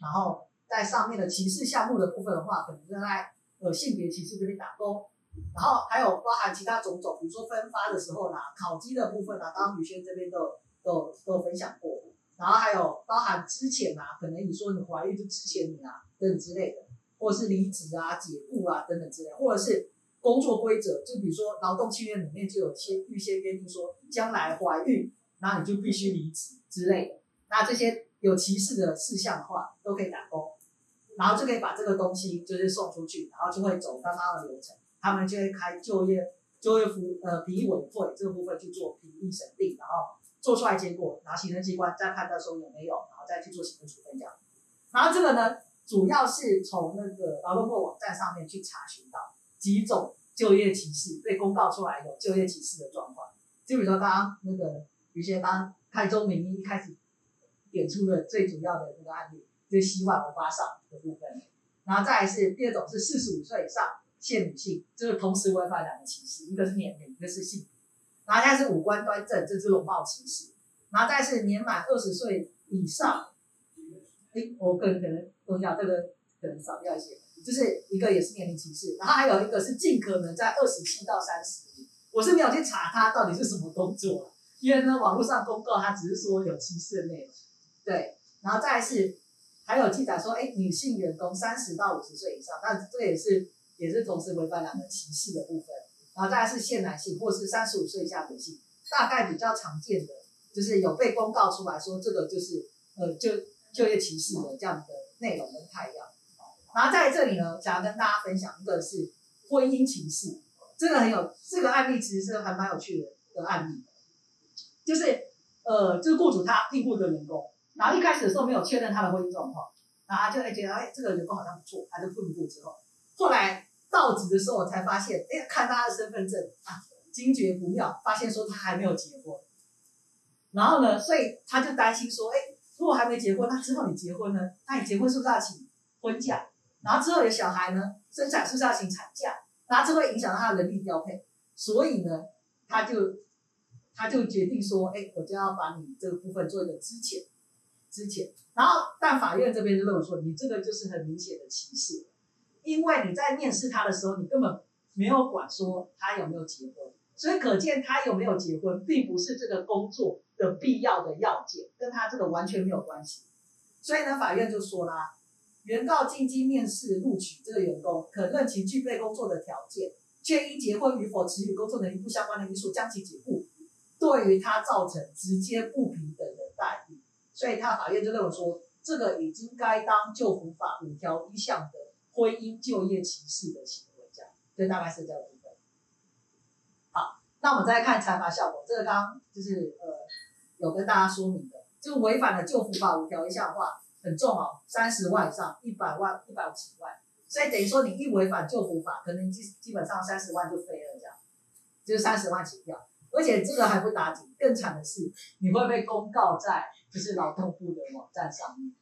然後在上面的歧視項目的部分的話，可能就在。呃，性別歧視這邊打勾，然後還有包含其他種種，比如說分發的時候啦、啊、考績的部分啦，當於萱這邊都有都有都有分享過，然後還有包含之前啊，可能你說你懷孕就之前你啊等等之類的，或者是離職啊、解僱啊等等之類，或者是工作規則，就比如說勞動契約裡面就有些預先約定說，將來懷孕那你就必須離職之類的，那這些有歧視的事項的話，都可以打勾。然後就可以把這個東西就是送出去，然後就會走到他的流程，他們就會開就業就業服呃評議委會這個部分去做評議審定，然後做出來結果，然後行政機關再判斷說有沒有，然後再去做行政處分這樣。然後這個呢，主要是從那個勞動部網站上面去查詢到幾種就業歧視被公告出來有就業歧視的狀況，就比如說剛、剛那個，於萱說剛剛開宗明義一開始點出的最主要的那個案例，就是洗碗歐巴桑，的部分，然後再是第二種是四十五歲以上限女性，就是同時違反兩個歧視，一個是年齡，一個是性別。然後再是五官端正，就這是容貌歧視。然後再是年滿二十歲以上，哎，我個人可能我講這個可能少掉一些，就是一個也是年齡歧視，然後還有一個是盡可能在二十七到三十，我是沒有去查它到底是什麼工作，因為呢網絡上公告它只是說有歧視的內容，對，然後再是。還有記載說，誒女性員工三十到五十歲以上，但這也是也是同時違反兩個歧視的部分。然後再來是限男性，或是三十五歲以下的女性，大概比較常見的就是有被公告出來說，這個就是呃，就就業歧視的這樣的內容的態樣。然後在這裡呢，想要跟大家分享一個是婚姻歧視，真的很有這個案例，其實是還蠻有趣的，的案例，就是呃，就是雇主他聘雇一個員工。然後一開始的時候沒有確認他的婚姻狀況，然後他就哎覺得哎這個人不好像不錯，他就進一步之後，後來到職的時候我才發現，哎看他的身份證啊，驚覺不妙，發現說他還沒有結婚。然後呢，所以他就擔心說，哎如果還沒結婚，那之後你結婚呢？那你結婚是不是要請婚假？然後之後有小孩呢，生產是不是要請產假？然後這會影響到他的人力調配，所以呢，他就他就決定說，哎我就要把你這個部分做一個資遣。之前，然後但法院這邊就認為說，你這個就是很明顯的歧視，因為你在面試他的時候，你根本沒有管說他有沒有結婚，所以可見他有沒有結婚，並不是這個工作的必要的要件，跟他這個完全沒有關係。所以呢，法院就說啦，原告進京面試錄取這個員工，可認其具備工作的條件，卻因結婚與否、持與工作能力不相關的因素將其解僱，對於他造成直接不平等。所以他法院就認為說，這個已經該當就服法五條一項的婚姻就業歧視的行為，這樣，這大概是這樣的。好，那我們再看裁罰效果，這個剛，剛就是呃有跟大家說明的，就違反了就服法五條一項的話，話很重哦，三十萬以上，一百萬，一百五十萬。所以等於說，你一違反就服法，可能基基本上三十萬就飛了，這樣，就是三十萬起跳。而且這個還不打緊，更慘的是，你會被公告在。就是勞動部的網站上面，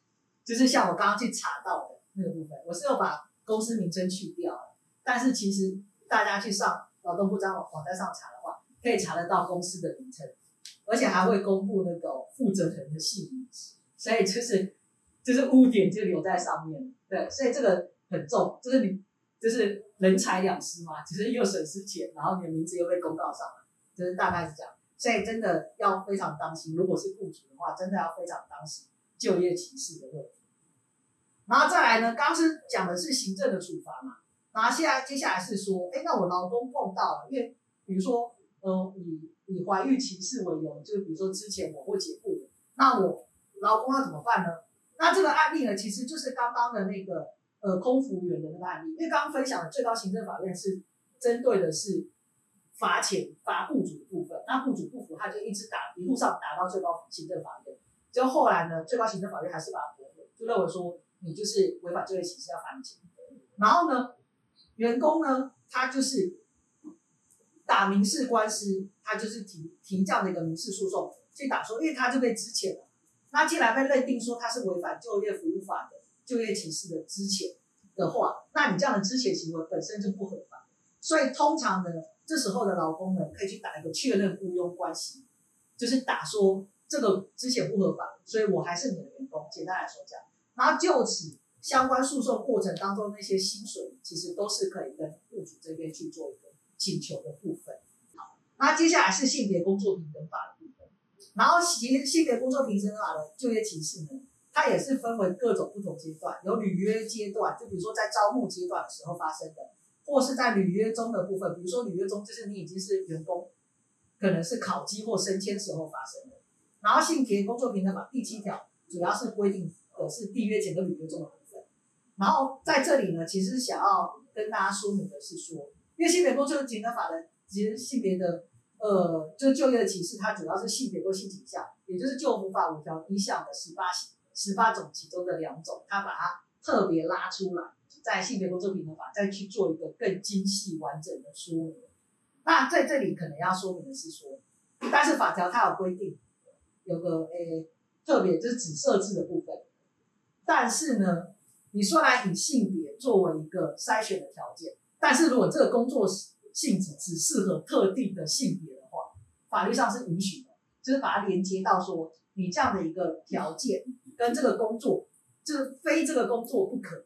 就是像我剛剛去查到的那個部分，我是有把公司名稱去掉了，但是其實大家去上勞動部張網站上查的話，可以查得到公司的名稱。而且還會公布那個負責人的姓名，所以就是就是污點就留在上面，對，所以這個很重，就是你就是人財兩失嘛，只、就是又損失錢，然後你的名字又被公告上了，就是大概是這樣。所以真的要非常當心，如果是雇主的話，真的要非常當心就業歧視的問題。然後再來呢，剛剛是講的是行政的處罰嘛，那現在接下來是說，哎，那我勞工碰到了，因為比如說，呃，以以懷孕歧視為由，就是、比如說之前我會解僱，那我勞工要怎麼辦呢？那這個案例呢，其實就是剛剛的那個呃空服員的那個案例，因為剛剛分享的最高行政法院是針對的是。罰錢罰雇主的部分，那雇主不服，他就一直打一路上打到最高行政法院。結果後來呢，最高行政法院還是把他駁回，就認為說你就是違反就業歧視要罰你錢。然後呢，員工呢，他就是打民事官司，他就是提提這樣的一個民事訴訟去打說，因為他就被資遣了。那既然被認定說他是違反就業服務法的就業歧視的資遣的話，那你這樣的資遣行為本身就不合法，所以通常呢。這時候的勞工呢，可以去打一個確認雇傭關係，就是打說這個之前不合法，所以我還是你的員工。簡單來說講，然後就此相關訴訟過程當中那些薪水，其實都是可以跟雇主這邊去做一個請求的部分。好，那接下來是性別工作平等法的部分，然後性性別工作平等法的就業歧視呢，它也是分為各種不同階段，有履約階段，就比如說在招募階段的時候發生的。或是在履約中的部分，比如說履約中，就是你已經是員工，可能是考績或升遷時候發生的。然後性別工作平等法第七條主要是規定的是締約前的履約中的部分。然後在這裡呢，其實想要跟大家說明的是說，因為性別工作平等法呢，其實性別的呃就是就業的歧視，它主要是性別或性傾向，也就是就服法五條一項的十八型十八種其中的兩種，它把它特別拉出來。在性別工作平等法再去做一個更精細完整的說明。那在這裡可能要說明的是說，但是法條它有規定，有個誒特別就是只設置的部分。但是呢，你說，來以性別作為一個篩選的條件，但是如果這個工作性質只適合特定的性別的話，法律上是允許的，就是把它連接到說你這樣的一個條件跟這個工作，就是非這個工作不可。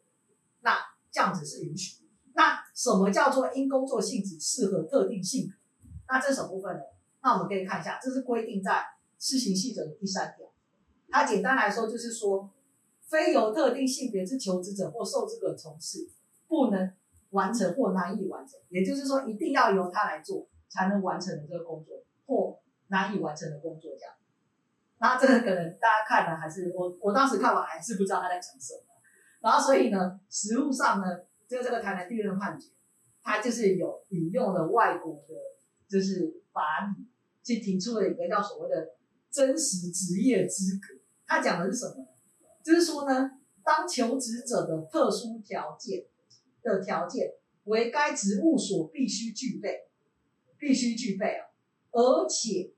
這樣子是允許。那什麼叫做因工作性質適合特定性別，那這是什麼部分呢？那我們可以看一下，這是規定在施行細則的第三條。它簡單來說就是說，非由特定性別之求職者或受僱者從事，不能完成或難以完成，也就是說一定要由他來做才能完成的這個工作或難以完成的工作這樣。那這個可能大家看了還是我我當時看完還是不知道他在講什麼。然後，所以呢，實務上呢，就、這個、這個台南地院判決，它就是有引用了外國的，就是法理，就提出了一個叫所謂的“真實職業資格”。它講的是什麼？就是說呢，當求職者的特殊條件的條件為該職務所必須具備，必須具備、啊、而且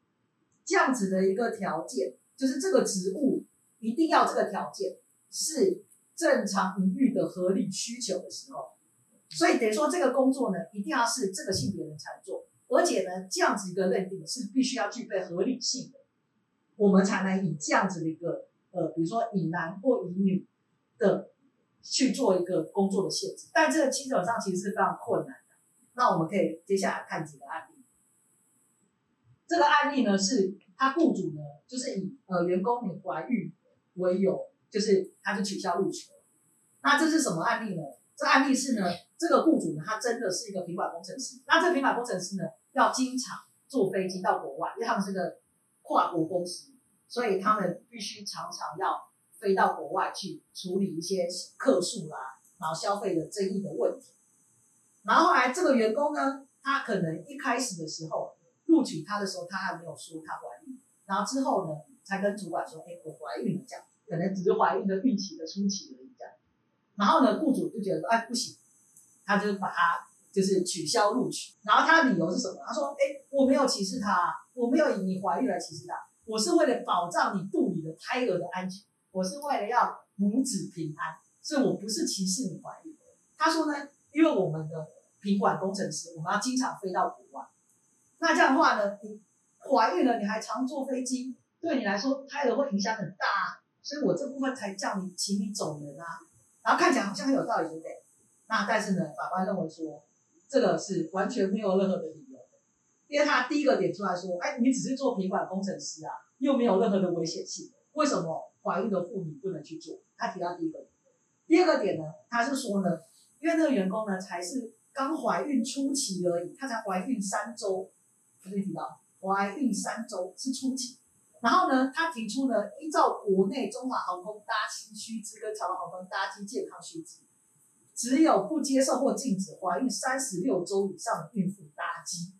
這樣子的一個條件，就是這個職務一定要這個條件是。正常營運的合理需求的時候，所以等於說這個工作呢，一定要是這個性別人才做，而且呢，這樣子一個認定是必須要具備合理性的，我們才能以這樣子的一個呃，比如說以男或以女的去做一個工作的限制，但這個基本上其實是非常困難的。那我們可以接下來看幾個案例，這個案例呢是他雇主呢，就是以呃員工女懷孕為由。就是他就取消錄取了。那這是什麼案例呢？這案例是呢，這個雇主呢，他真的是一個平板工程師。那這個平板工程師呢，要經常坐飛機到國外，因為他們是個跨國公司，所以他們必須常常要飛到國外去處理一些客訴啦、啊，然後消費的爭議的問題。然後後來這個員工呢，他可能一開始的時候錄取他的時候，他還沒有說他懷孕。然後之後呢，才跟主管說：“哎、欸，我懷孕了。”這樣。可能只是懷孕的孕期的初期而已，這樣，然後呢，雇主就覺得說，哎，不行，他就把他就是取消錄取，然後他的理由是什麼？他說，哎，我沒有歧視他，我沒有以你懷孕來歧視他，我是為了保障你肚裡的胎兒的安全，我是為了要母子平安，所以我不是歧視你懷孕。他說呢，因為我們的品管工程師，我們要經常飛到國外，那這樣的話呢，你懷孕了，你還常坐飛機，對你來說，胎兒會影響很大。所以我這部分才叫你，請你走人啊。然後看起來好像很有道理，對不對？那但是呢，法官認為說，這個是完全沒有任何的理由的，因為他第一個點出來說，哎、欸，你只是做平板工程師啊，又沒有任何的危險性，為什麼懷孕的婦女不能去做？他提到第一個理由。第二個點呢，他是說呢，因為那個員工呢，才是剛懷孕初期而已，他才懷孕三週，他就提到懷孕三週是初期。然後呢，他提出呢，依照國內中華航空搭機須知跟長榮航空搭機健康須知，只有不接受或禁止懷孕三十六周以上的孕婦搭機。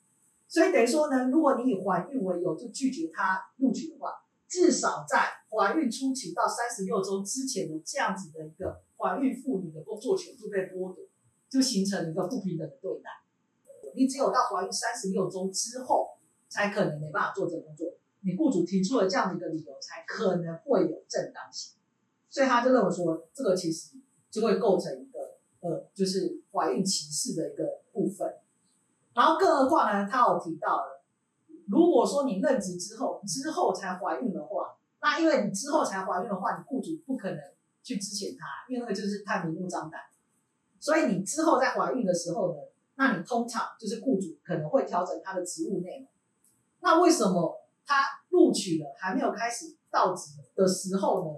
所以等於說呢，如果你以懷孕為由就拒絕他錄取的話，至少在懷孕初期到三十六周之前的這樣子的一個懷孕婦女的工作權就被剝奪，就形成一個不平等的對待。你只有到懷孕三十六周之後，才可能沒辦法做這個工作。你雇主提出了這樣的一個理由，才可能會有正當性，所以他就認為說，這個其實就會構成一個呃，就是懷孕歧視的一個部分。然後更何況呢，他有提到了，如果說你任職之後之後才懷孕的話，那因為你之後才懷孕的話，你雇主不可能去資遣他，因為就是太明目張膽，所以你之後在懷孕的時候呢，那你通常就是雇主可能會調整他的職務內容。那為什麼？他錄取了還沒有開始到職的時候呢，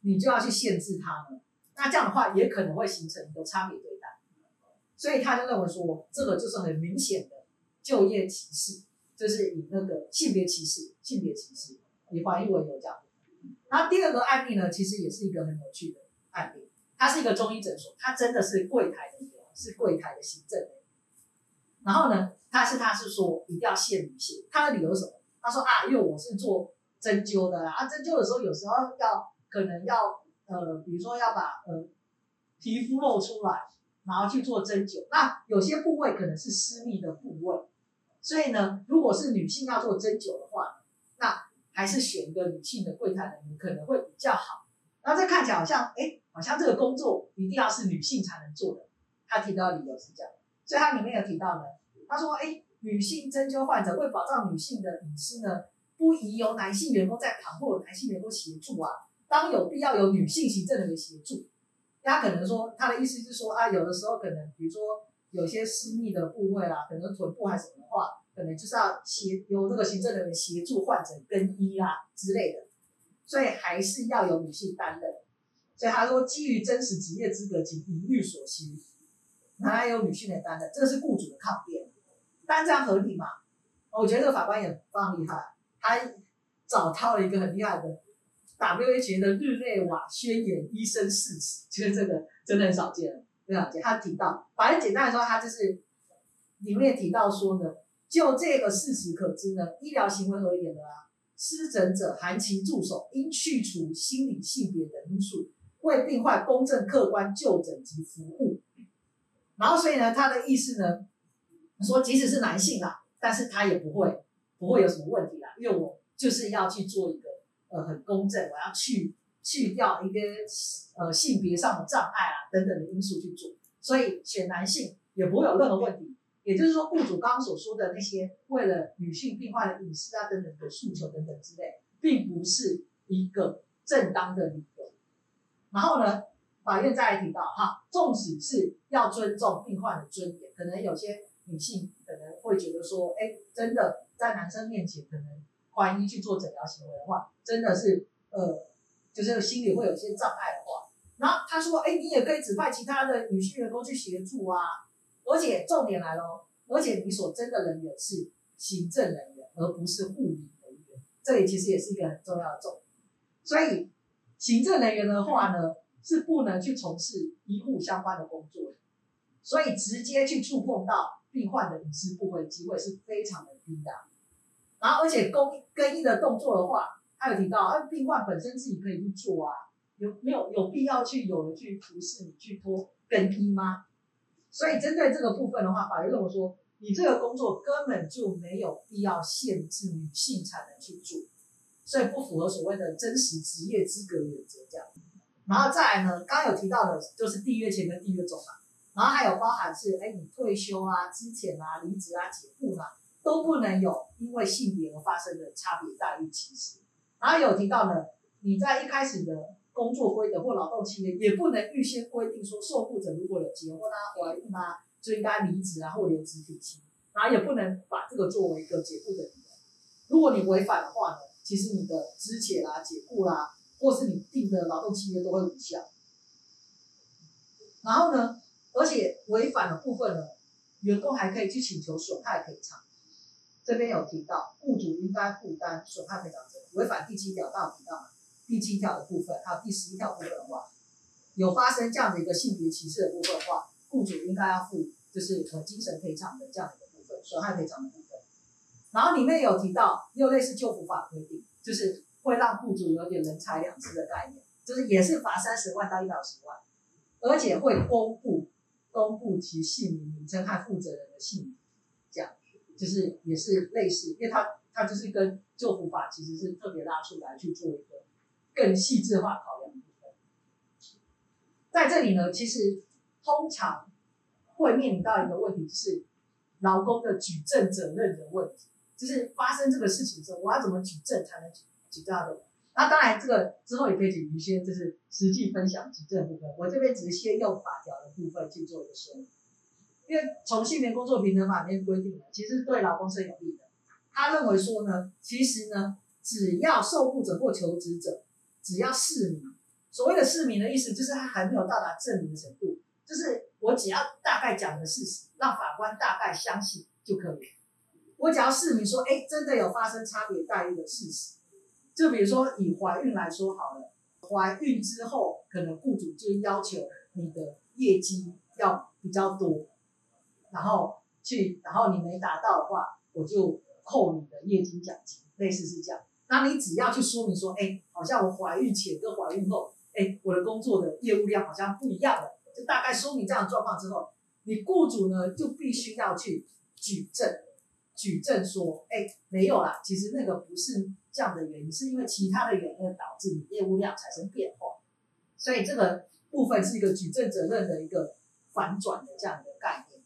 你就要去限制他了。那這樣的話也可能會形成一個差別對待，所以他就認為說這個就是很明顯的就業歧視，就是以那個性別歧視、性別歧視以懷孕為由這樣。然後第二個案例呢，其實也是一個很有趣的案例。他是一個中醫診所，他真的是櫃檯的，是櫃檯的行政。然後呢，他是他是說一定要限女性，他的理由是什麼？他說啊，因為我是做針灸的啊，啊，針灸的時候有時候要可能要呃，比如說要把呃皮膚露出來，然後去做針灸。那有些部位可能是私密的部位，所以呢，如果是女性要做針灸的話，那還是選一個女性的櫃檯人可能會比較好。那再看起來好像哎、欸，好像這個工作一定要是女性才能做的。他提到理由是這樣，所以他裡面有提到呢，他說哎。欸女性針灸患者，為保障女性的隱私呢，不宜由男性員工在旁或男性員工協助啊。當有必要由女性行政人員協助，他可能說他的意思是說啊，有的時候可能比如說有些私密的部位啦，可能臀部還是什麼的話，可能就是要協由那個行政人員協助患者更衣啊之類的，所以還是要有女性擔任。所以他說，基於真實職業資格及隱喻所需，哪有女性來擔任，這是雇主的抗辯。但這樣合理嗎？我覺得這個法官也很厲害，他找到了一個很厲害的 WHO 的日內瓦宣言醫生事實，其實這個真的很少見了，很少見。他提到，反正簡單來說，他就是裡面提到說呢，就這個事實可知呢，醫療行為而言的啦、啊，施診者含其助手，應去除心理性別的因素，為病患公正客觀就診及服務。然後，所以呢，他的意思呢？說，即使是男性啦、啊，但是他也不會不會有什麼問題啦、啊，因為我就是要去做一個呃很公正，我要去去掉一個呃性別上的障礙啊等等的因素去做，所以選男性也不會有任何問題。也就是說，雇主剛剛所說的那些為了女性病患的隱私啊等等的訴求等等之類，並不是一個正當的理由。然後呢，法院再來提到哈、啊，縱使是要尊重病患的尊嚴，可能有些。女性可能會覺得說：“哎、欸，真的在男生面前可能懷疑去做診療行為的話，真的是呃，就是心理會有一些障礙的話。”然後他說：“哎、欸，你也可以指派其他的女性員工去協助啊。而”而且重點來了，而且你所徵的人員是行政人員，而不是護理人員。這裡其實也是一個很重要的重點。所以行政人員的話呢，嗯、是不能去從事醫護相關的工作的。所以直接去觸碰到病患的隱私部位機會是非常的低的。然後而且更更衣的動作的話，他有提到，啊，病患本身自己可以去做啊，有沒有有必要去有人去服侍你去脫更衣嗎？所以針對這個部分的話，法律認為說，你這個工作根本就沒有必要限制女性才能去做，所以不符合所謂的真實職業資格原則這樣。然後再來呢，剛剛有提到的就是締約前跟締約中嘛。然後還有包含是，哎、欸，你退休啊、資遣啊、離職啊、解僱啦、啊，都不能有因為性別而發生的差別待遇歧視。然後有提到呢，你在一開始的工作規則或勞動契約，也不能預先規定說，受雇者如果有結婚、啊、懷孕啊，就應該離職啊或留職停薪。然後也不能把這個作為一個解僱的理由。如果你違反的話呢，其實你的資遣啊、解僱啦、啊，或是你定的勞動契約都會無效。然後呢？而且違反的部分呢，員工還可以去請求損害賠償。這邊有提到雇主應該負擔損害賠償責任。違反第七條到底到哪？第七條的部分還有第十一條部分的話，有發生這樣的一個性別歧視的部分的話，雇主應該要負就是呃精神賠償的這樣的一個部分，損害賠償的部分。然後裡面有提到又類似就服法規定，就是會讓雇主有點人財兩失的概念，就是也是罰三十萬到一百二十萬，而且會公布。公布其姓名、名稱和負責人的姓名。這樣就是也是類似，因為他他就是跟就服法其實是特別拉出來去做一個更細緻化考量的一個。在這裡呢，其實通常會面臨到一個問題，就是勞工的舉證責任的問題，就是發生這個事情的時候，我要怎麼舉證才能舉舉到的？那、啊、當然，這個之後也可以請一些就是實際分享舉證部分，我這邊只是先用法條的部分去做一個說明，因為從性別工作平等法裡面規定的其實對勞工是有利的。他認為說呢，其實呢，只要受僱者或求職者只要市民，所謂的市民的意思就是他還沒有到達證明的程度，就是我只要大概講的事實，讓法官大概相信就可以。我只要市民說，哎、欸，真的有發生差別待遇的事實。就比如說以懷孕來說好了，懷孕之後可能雇主就要求你的業績要比較多，然後去，然後你沒達到的話，我就扣你的業績獎金，類似是這樣。那你只要去說明說，哎，好像我懷孕前跟懷孕後，哎，我的工作的業務量好像不一樣了，就大概說明這樣的狀況之後，你雇主呢就必須要去舉證，舉證說，哎，沒有啦，其實那個不是。這樣的原因是因為其他的原因導致你業務量產生變化，所以這個部分是一個舉證責任的一個反轉的這樣的概念。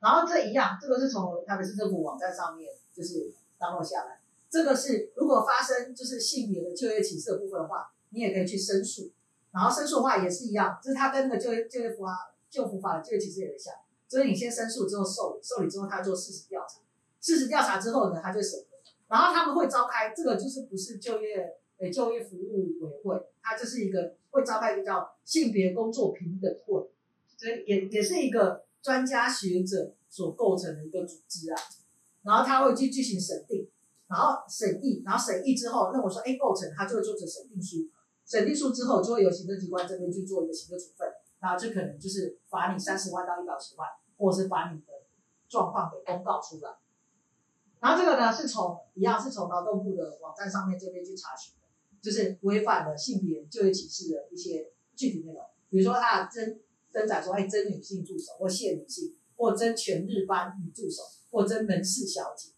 然後這一樣，這個是從台北市政府網站上面就是 download 下來。這個是如果發生就是性別的就業歧視的部分的話，你也可以去申訴。然後申訴的話也是一樣，是他就是它跟的就業就業服就服法的就業歧視也很像，所以你先申訴之後受理，受理之後，他做事實調查，事實調查之後呢，他就審。然後他們會召開，這個就是不是就業、欸，就業服務委會，它就是一個會召開一個叫性別工作平等會，所以也也是一個專家學者所構成的一個組織啊。然後他會去進行審定，然後審議，然後審議之後，那我說哎、欸，構成，他就會做成審定書，審定書之後就會由行政機關這邊去做一個行政處分，然後就可能就是罰你三十萬到一百五十萬，或者是把你的狀況給公告出來。然後這個呢是從一樣是從勞動部的網站上面這邊去查詢的，就是違反了性別就業歧視的一些具體內容，比如說啊，徵徵才說哎，徵女性助手或限女性，或徵全日班女助手，或徵門市小姐，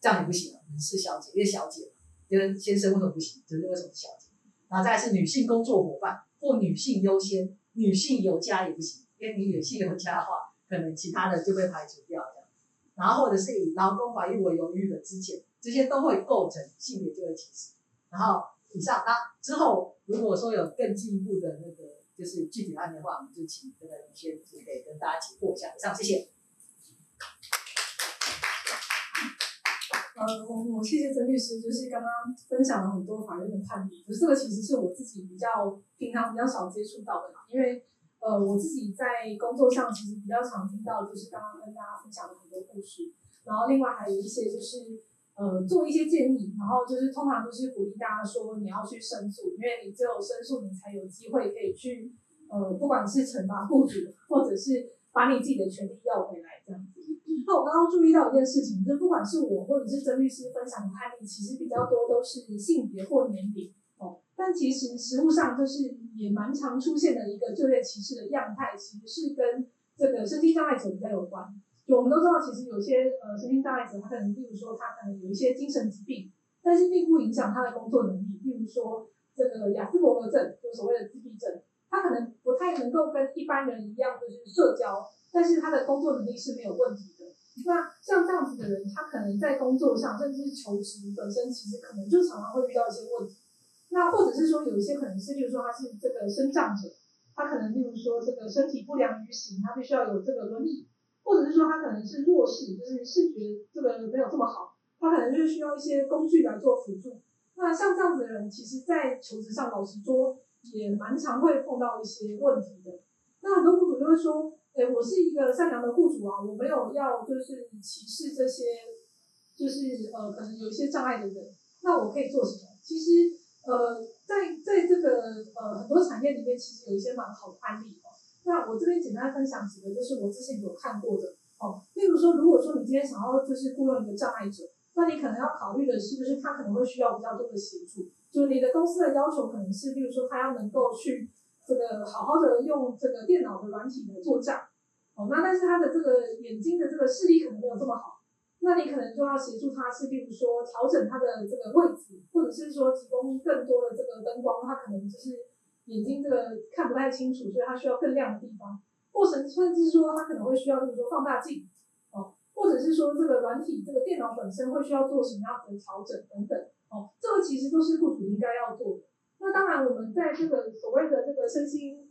這樣也不行，門市小姐因為小姐嘛，因先生為什麼不行？就是為什麼小姐？然後再是女性工作夥伴，伴或女性優先，女性尤佳也不行，因為你女性尤佳的話，可能其他的就被排除掉了。然後，或者是以勞工懷孕為由了之前，這些都會構成性別這個歧視。然後以上，那之後如果說有更進一步的那個就是具體案的話，我們就請這個李先生可以跟大家解惑一下。以上，謝謝。呃，我我謝謝曾律師，就是剛剛分享了很多法院的判例。可是這個其實是我自己比較平常比較少接觸到的嘛，因為。呃，我自己在工作上其實比較常聽到，就是剛剛跟大家分享的很多故事，然後另外還有一些就是呃做一些建議，然後就是通常都是鼓勵大家說，你要去申訴，因為你只有申訴，你才有機會可以去呃，不管是懲罰雇主，或者是把你自己的權利要回來這樣子。那我剛剛注意到一件事情，就不管是我或者是曾律師分享的案例，其實比較多都是性別或年齡。但其實實務上，就是也蠻常出現的一個就業歧視的樣態，其實是跟這個身心障礙者比較有關。就我們都知道，其實有些呃身心障礙者，他可能例如說，他可能有一些精神疾病，但是並不影響他的工作能力。例如說，這個亞斯伯格症，就所謂的自閉症，他可能不太能夠跟一般人一樣，就是社交，但是他的工作能力是沒有問題的。那像這樣子的人，他可能在工作上，甚至是求職本身，其實可能就常常會遇到一些問題。那或者是說有一些可能是，就是說他是這個身障者，他可能例如說這個身體不良於行，他必須要有這個輪椅，或者是說他可能是弱視，就是視覺這個沒有這麼好，他可能就是需要一些工具來做輔助。那像這樣子的人，其實，在求職上，老實說，也蠻常會碰到一些問題的。那很多雇主就會說：“哎、欸，我是一個善良的雇主啊，我沒有要就是歧視這些，就是呃可能有一些障礙的人，那我可以做什麼？”其實。呃，在在這個呃很多產業裡面，其實有一些蠻好的案例哦。那我這邊簡單分享幾個，就是我之前有看過的哦。例如說，如果說你今天想要就是僱傭一個障礙者，那你可能要考慮的是不是他可能會需要比較多的協助，就是你的公司的要求可能是，例如說他要能夠去這個好好的用這個電腦的軟體來做賬哦。那但是他的這個眼睛的這個視力可能沒有這麼好。那你可能就要協助他是，是例如說調整他的這個位置，或者是說提供更多的這個燈光，他可能就是眼睛這個看不太清楚，所以他需要更亮的地方，或者甚至說他可能會需要，就是說放大鏡，哦，或者是說這個軟體、這個電腦本身會需要做什麼樣的調整等等，哦，這個其實都是雇主應該要做的。那當然，我們在這個所謂的這個身心。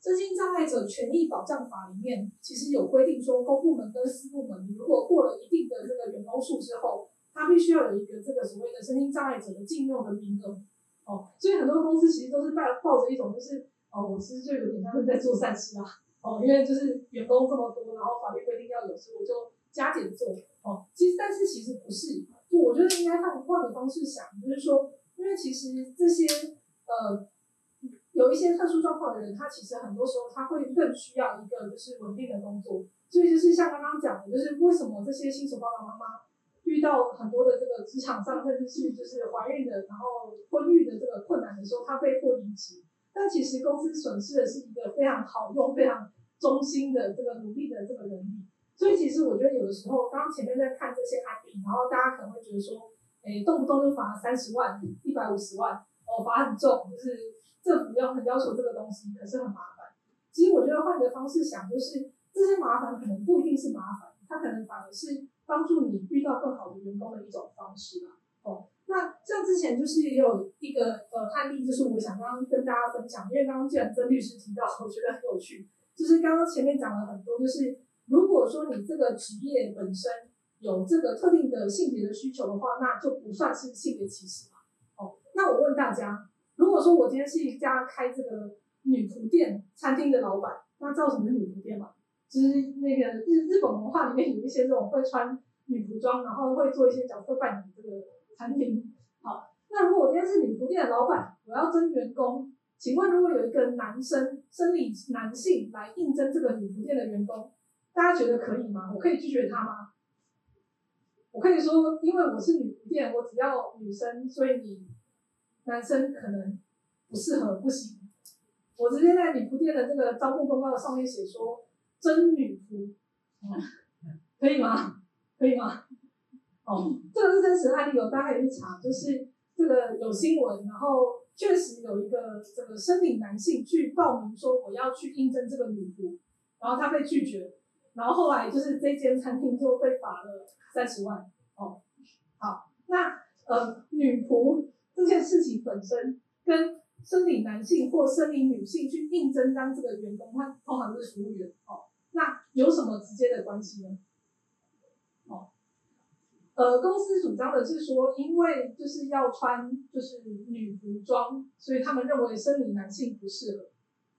身心障礙者權益保障法裡面其實有規定說，公部門跟私部門，如果過了一定的這個員工數之後，他必須要有一個這個所謂的身心障礙者的進用的名額哦。所以很多公司其實都是抱抱着一種就是哦，我其實就有點像是在做善事啦，啊，哦，因為就是員工這麼多，然後法律規定要有，所以我就加減做哦。其實但是其實不是，就我覺得應該換換個方式想，就是說，因為其實這些呃。有一些特殊狀況的人，他其實很多時候他會更需要一個就是穩定的工作，所以就是像剛剛講的，就是為什麼這些新手爸爸媽媽遇到很多的這個職場上，甚至是就是懷孕的，然後婚育的這個困難的時候，他被迫離職，但其實公司損失的是一個非常好用、非常忠心的這個努力的這個人力，所以其實我覺得有的時候，剛剛前面在看這些案例，然後大家可能會覺得說，誒、欸，動不動就罰三十萬、一百五十萬。哦，罰很重，就是政府要很要求這個東西，可是很麻煩。其實我覺得換一個方式想，就是這些麻煩可能不一定是麻煩，它可能反而是幫助你遇到更好的員工的一種方式吧。哦，那像之前就是也有一個呃案例，就是我想剛剛跟大家分享，因為剛剛既然曾律師提到，我覺得很有趣，就是剛剛前面講了很多，就是如果說你這個職業本身有這個特定的性別的需求的話，那就不算是性別歧視。那我問大家，如果說我今天是一家開這個女僕店餐廳的老板，那知道什麼是女僕店嘛？就是那個日日本文化裡面有一些這種會穿女僕裝，然後會做一些角色扮演這個餐廳。好，那如果我今天是女僕店的老板，我要徵員工，請問如果有一個男生，生理男性來應徵這個女僕店的員工，大家覺得可以嗎？我可以拒絕他嗎？我可以說，因為我是女僕店，我只要女生，所以你。男生可能不適合，不行。我直接在女僕店的這個招募公告的上面寫說，徵女僕，哦，可以嗎？可以嗎？哦，這個是真實案例，我大概一查，就是這個有新聞，然後確實有一個這個生理男性去報名說我要去應徵這個女僕，然後他被拒絕，然後後來就是這間餐廳就被罰了三十萬。哦，好，那呃，女僕。這件事情本身跟生理男性或生理女性去應徵當這個員工，他通常是服務員哦，那有什麼直接的關係呢？哦，呃，公司主張的是說，因為就是要穿就是女服裝，所以他們認為生理男性不適合。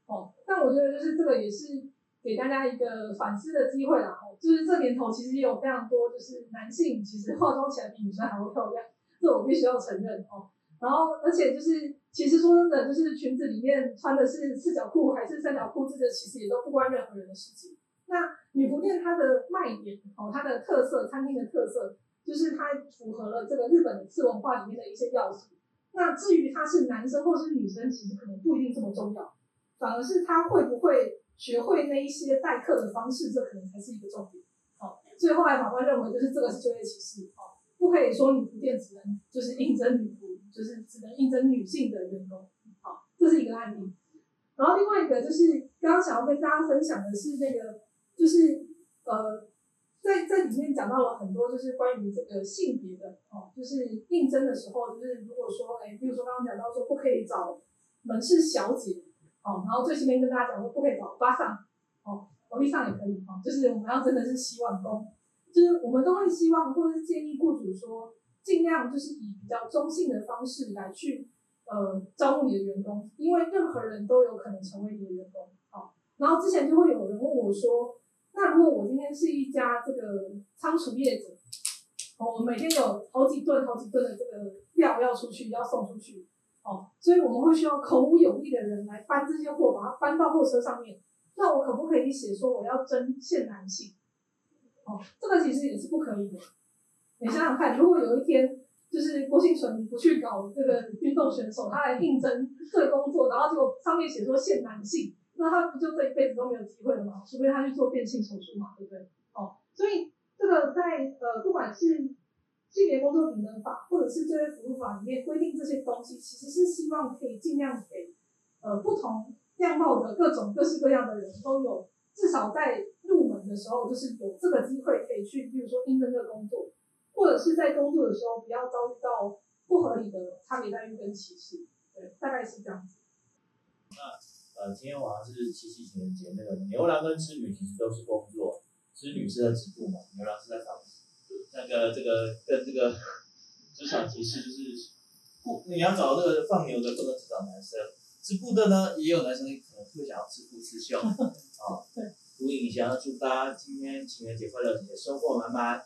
哦，但我覺得就是這個也是給大家一個反思的機會啦。哦，就是這年頭其實也有非常多就是男性其實化妝起來比女生還要漂亮，這我必須要承認哦。然後，而且就是，其實說真的，就是裙子裡面穿的是四角褲還是三角褲，這個其實也都不關任何人的事情。那女僕店它的賣點哦，它的特色，餐廳的特色，就是它符合了這個日本的次文化裡面的一些要素。那至於他是男生或是女生，其實可能不一定這麼重要，反而是他會不會學會那一些待客的方式，這可能才是一個重點哦。所以後來法官認為，就是這個是就業歧視哦，不可以說女僕店只能就是應徵女僕。就是只能應徵女性的員工，好，這是一個案例。然後另外一個就是剛剛想要跟大家分享的是那、這個，就是呃，在在裡面講到了很多，就是關於這個性別的哦，就是應徵的時候，就是如果說哎，比、欸、如說剛剛講到說不可以找門市小姐，哦，然後最近跟大家講說不可以找巴桑，哦，蘿莉桑也可以，哦，就是我們要真的是希望工，就是我們都會希望或者是建議雇主說，儘量就是以比較中性的方式來去呃招募你的員工，因為任何人都有可能成為你的員工。哦，然後之前就會有人問我說，那如果我今天是一家這個倉儲業者，哦，我每天有好幾噸好幾噸的這個料要出去要送出去，哦，所以我們會需要孔武有力的人來搬這些貨，把它搬到貨車上面。那我可不可以寫說我要徵限男性？哦，這個其實也是不可以的。你想想看，如果有一天就是郭婞淳不去搞這個運動選手，他來應徵這個工作，然後結果上面寫說限男性，那他不就這一輩子都沒有機會了嗎？除非他去做變性手術嘛，對不對？哦，所以這個在呃不管是性別工作平等法或者是就業服務法裡面規定這些東西，其實是希望可以盡量給呃不同樣貌的各種各式各樣的人都有至少在入門的時候，就是有這個機會可以去，比如說應徵這個工作，或者是在工作的時候，不要遭遇到不合理的差別待遇跟歧視，對，大概是這樣子。那呃，今天晚上是七夕情人節，那個牛郎跟織女其實都是工作，織女的是在織布嘛，牛郎是在找那個這個跟這個職 場歧視就是，不你要找那個放牛的，不能只找男生，織布的呢也有男生可能會想要織布刺繡啊。對，所以想要祝大家今天情人節快樂，也收穫滿滿。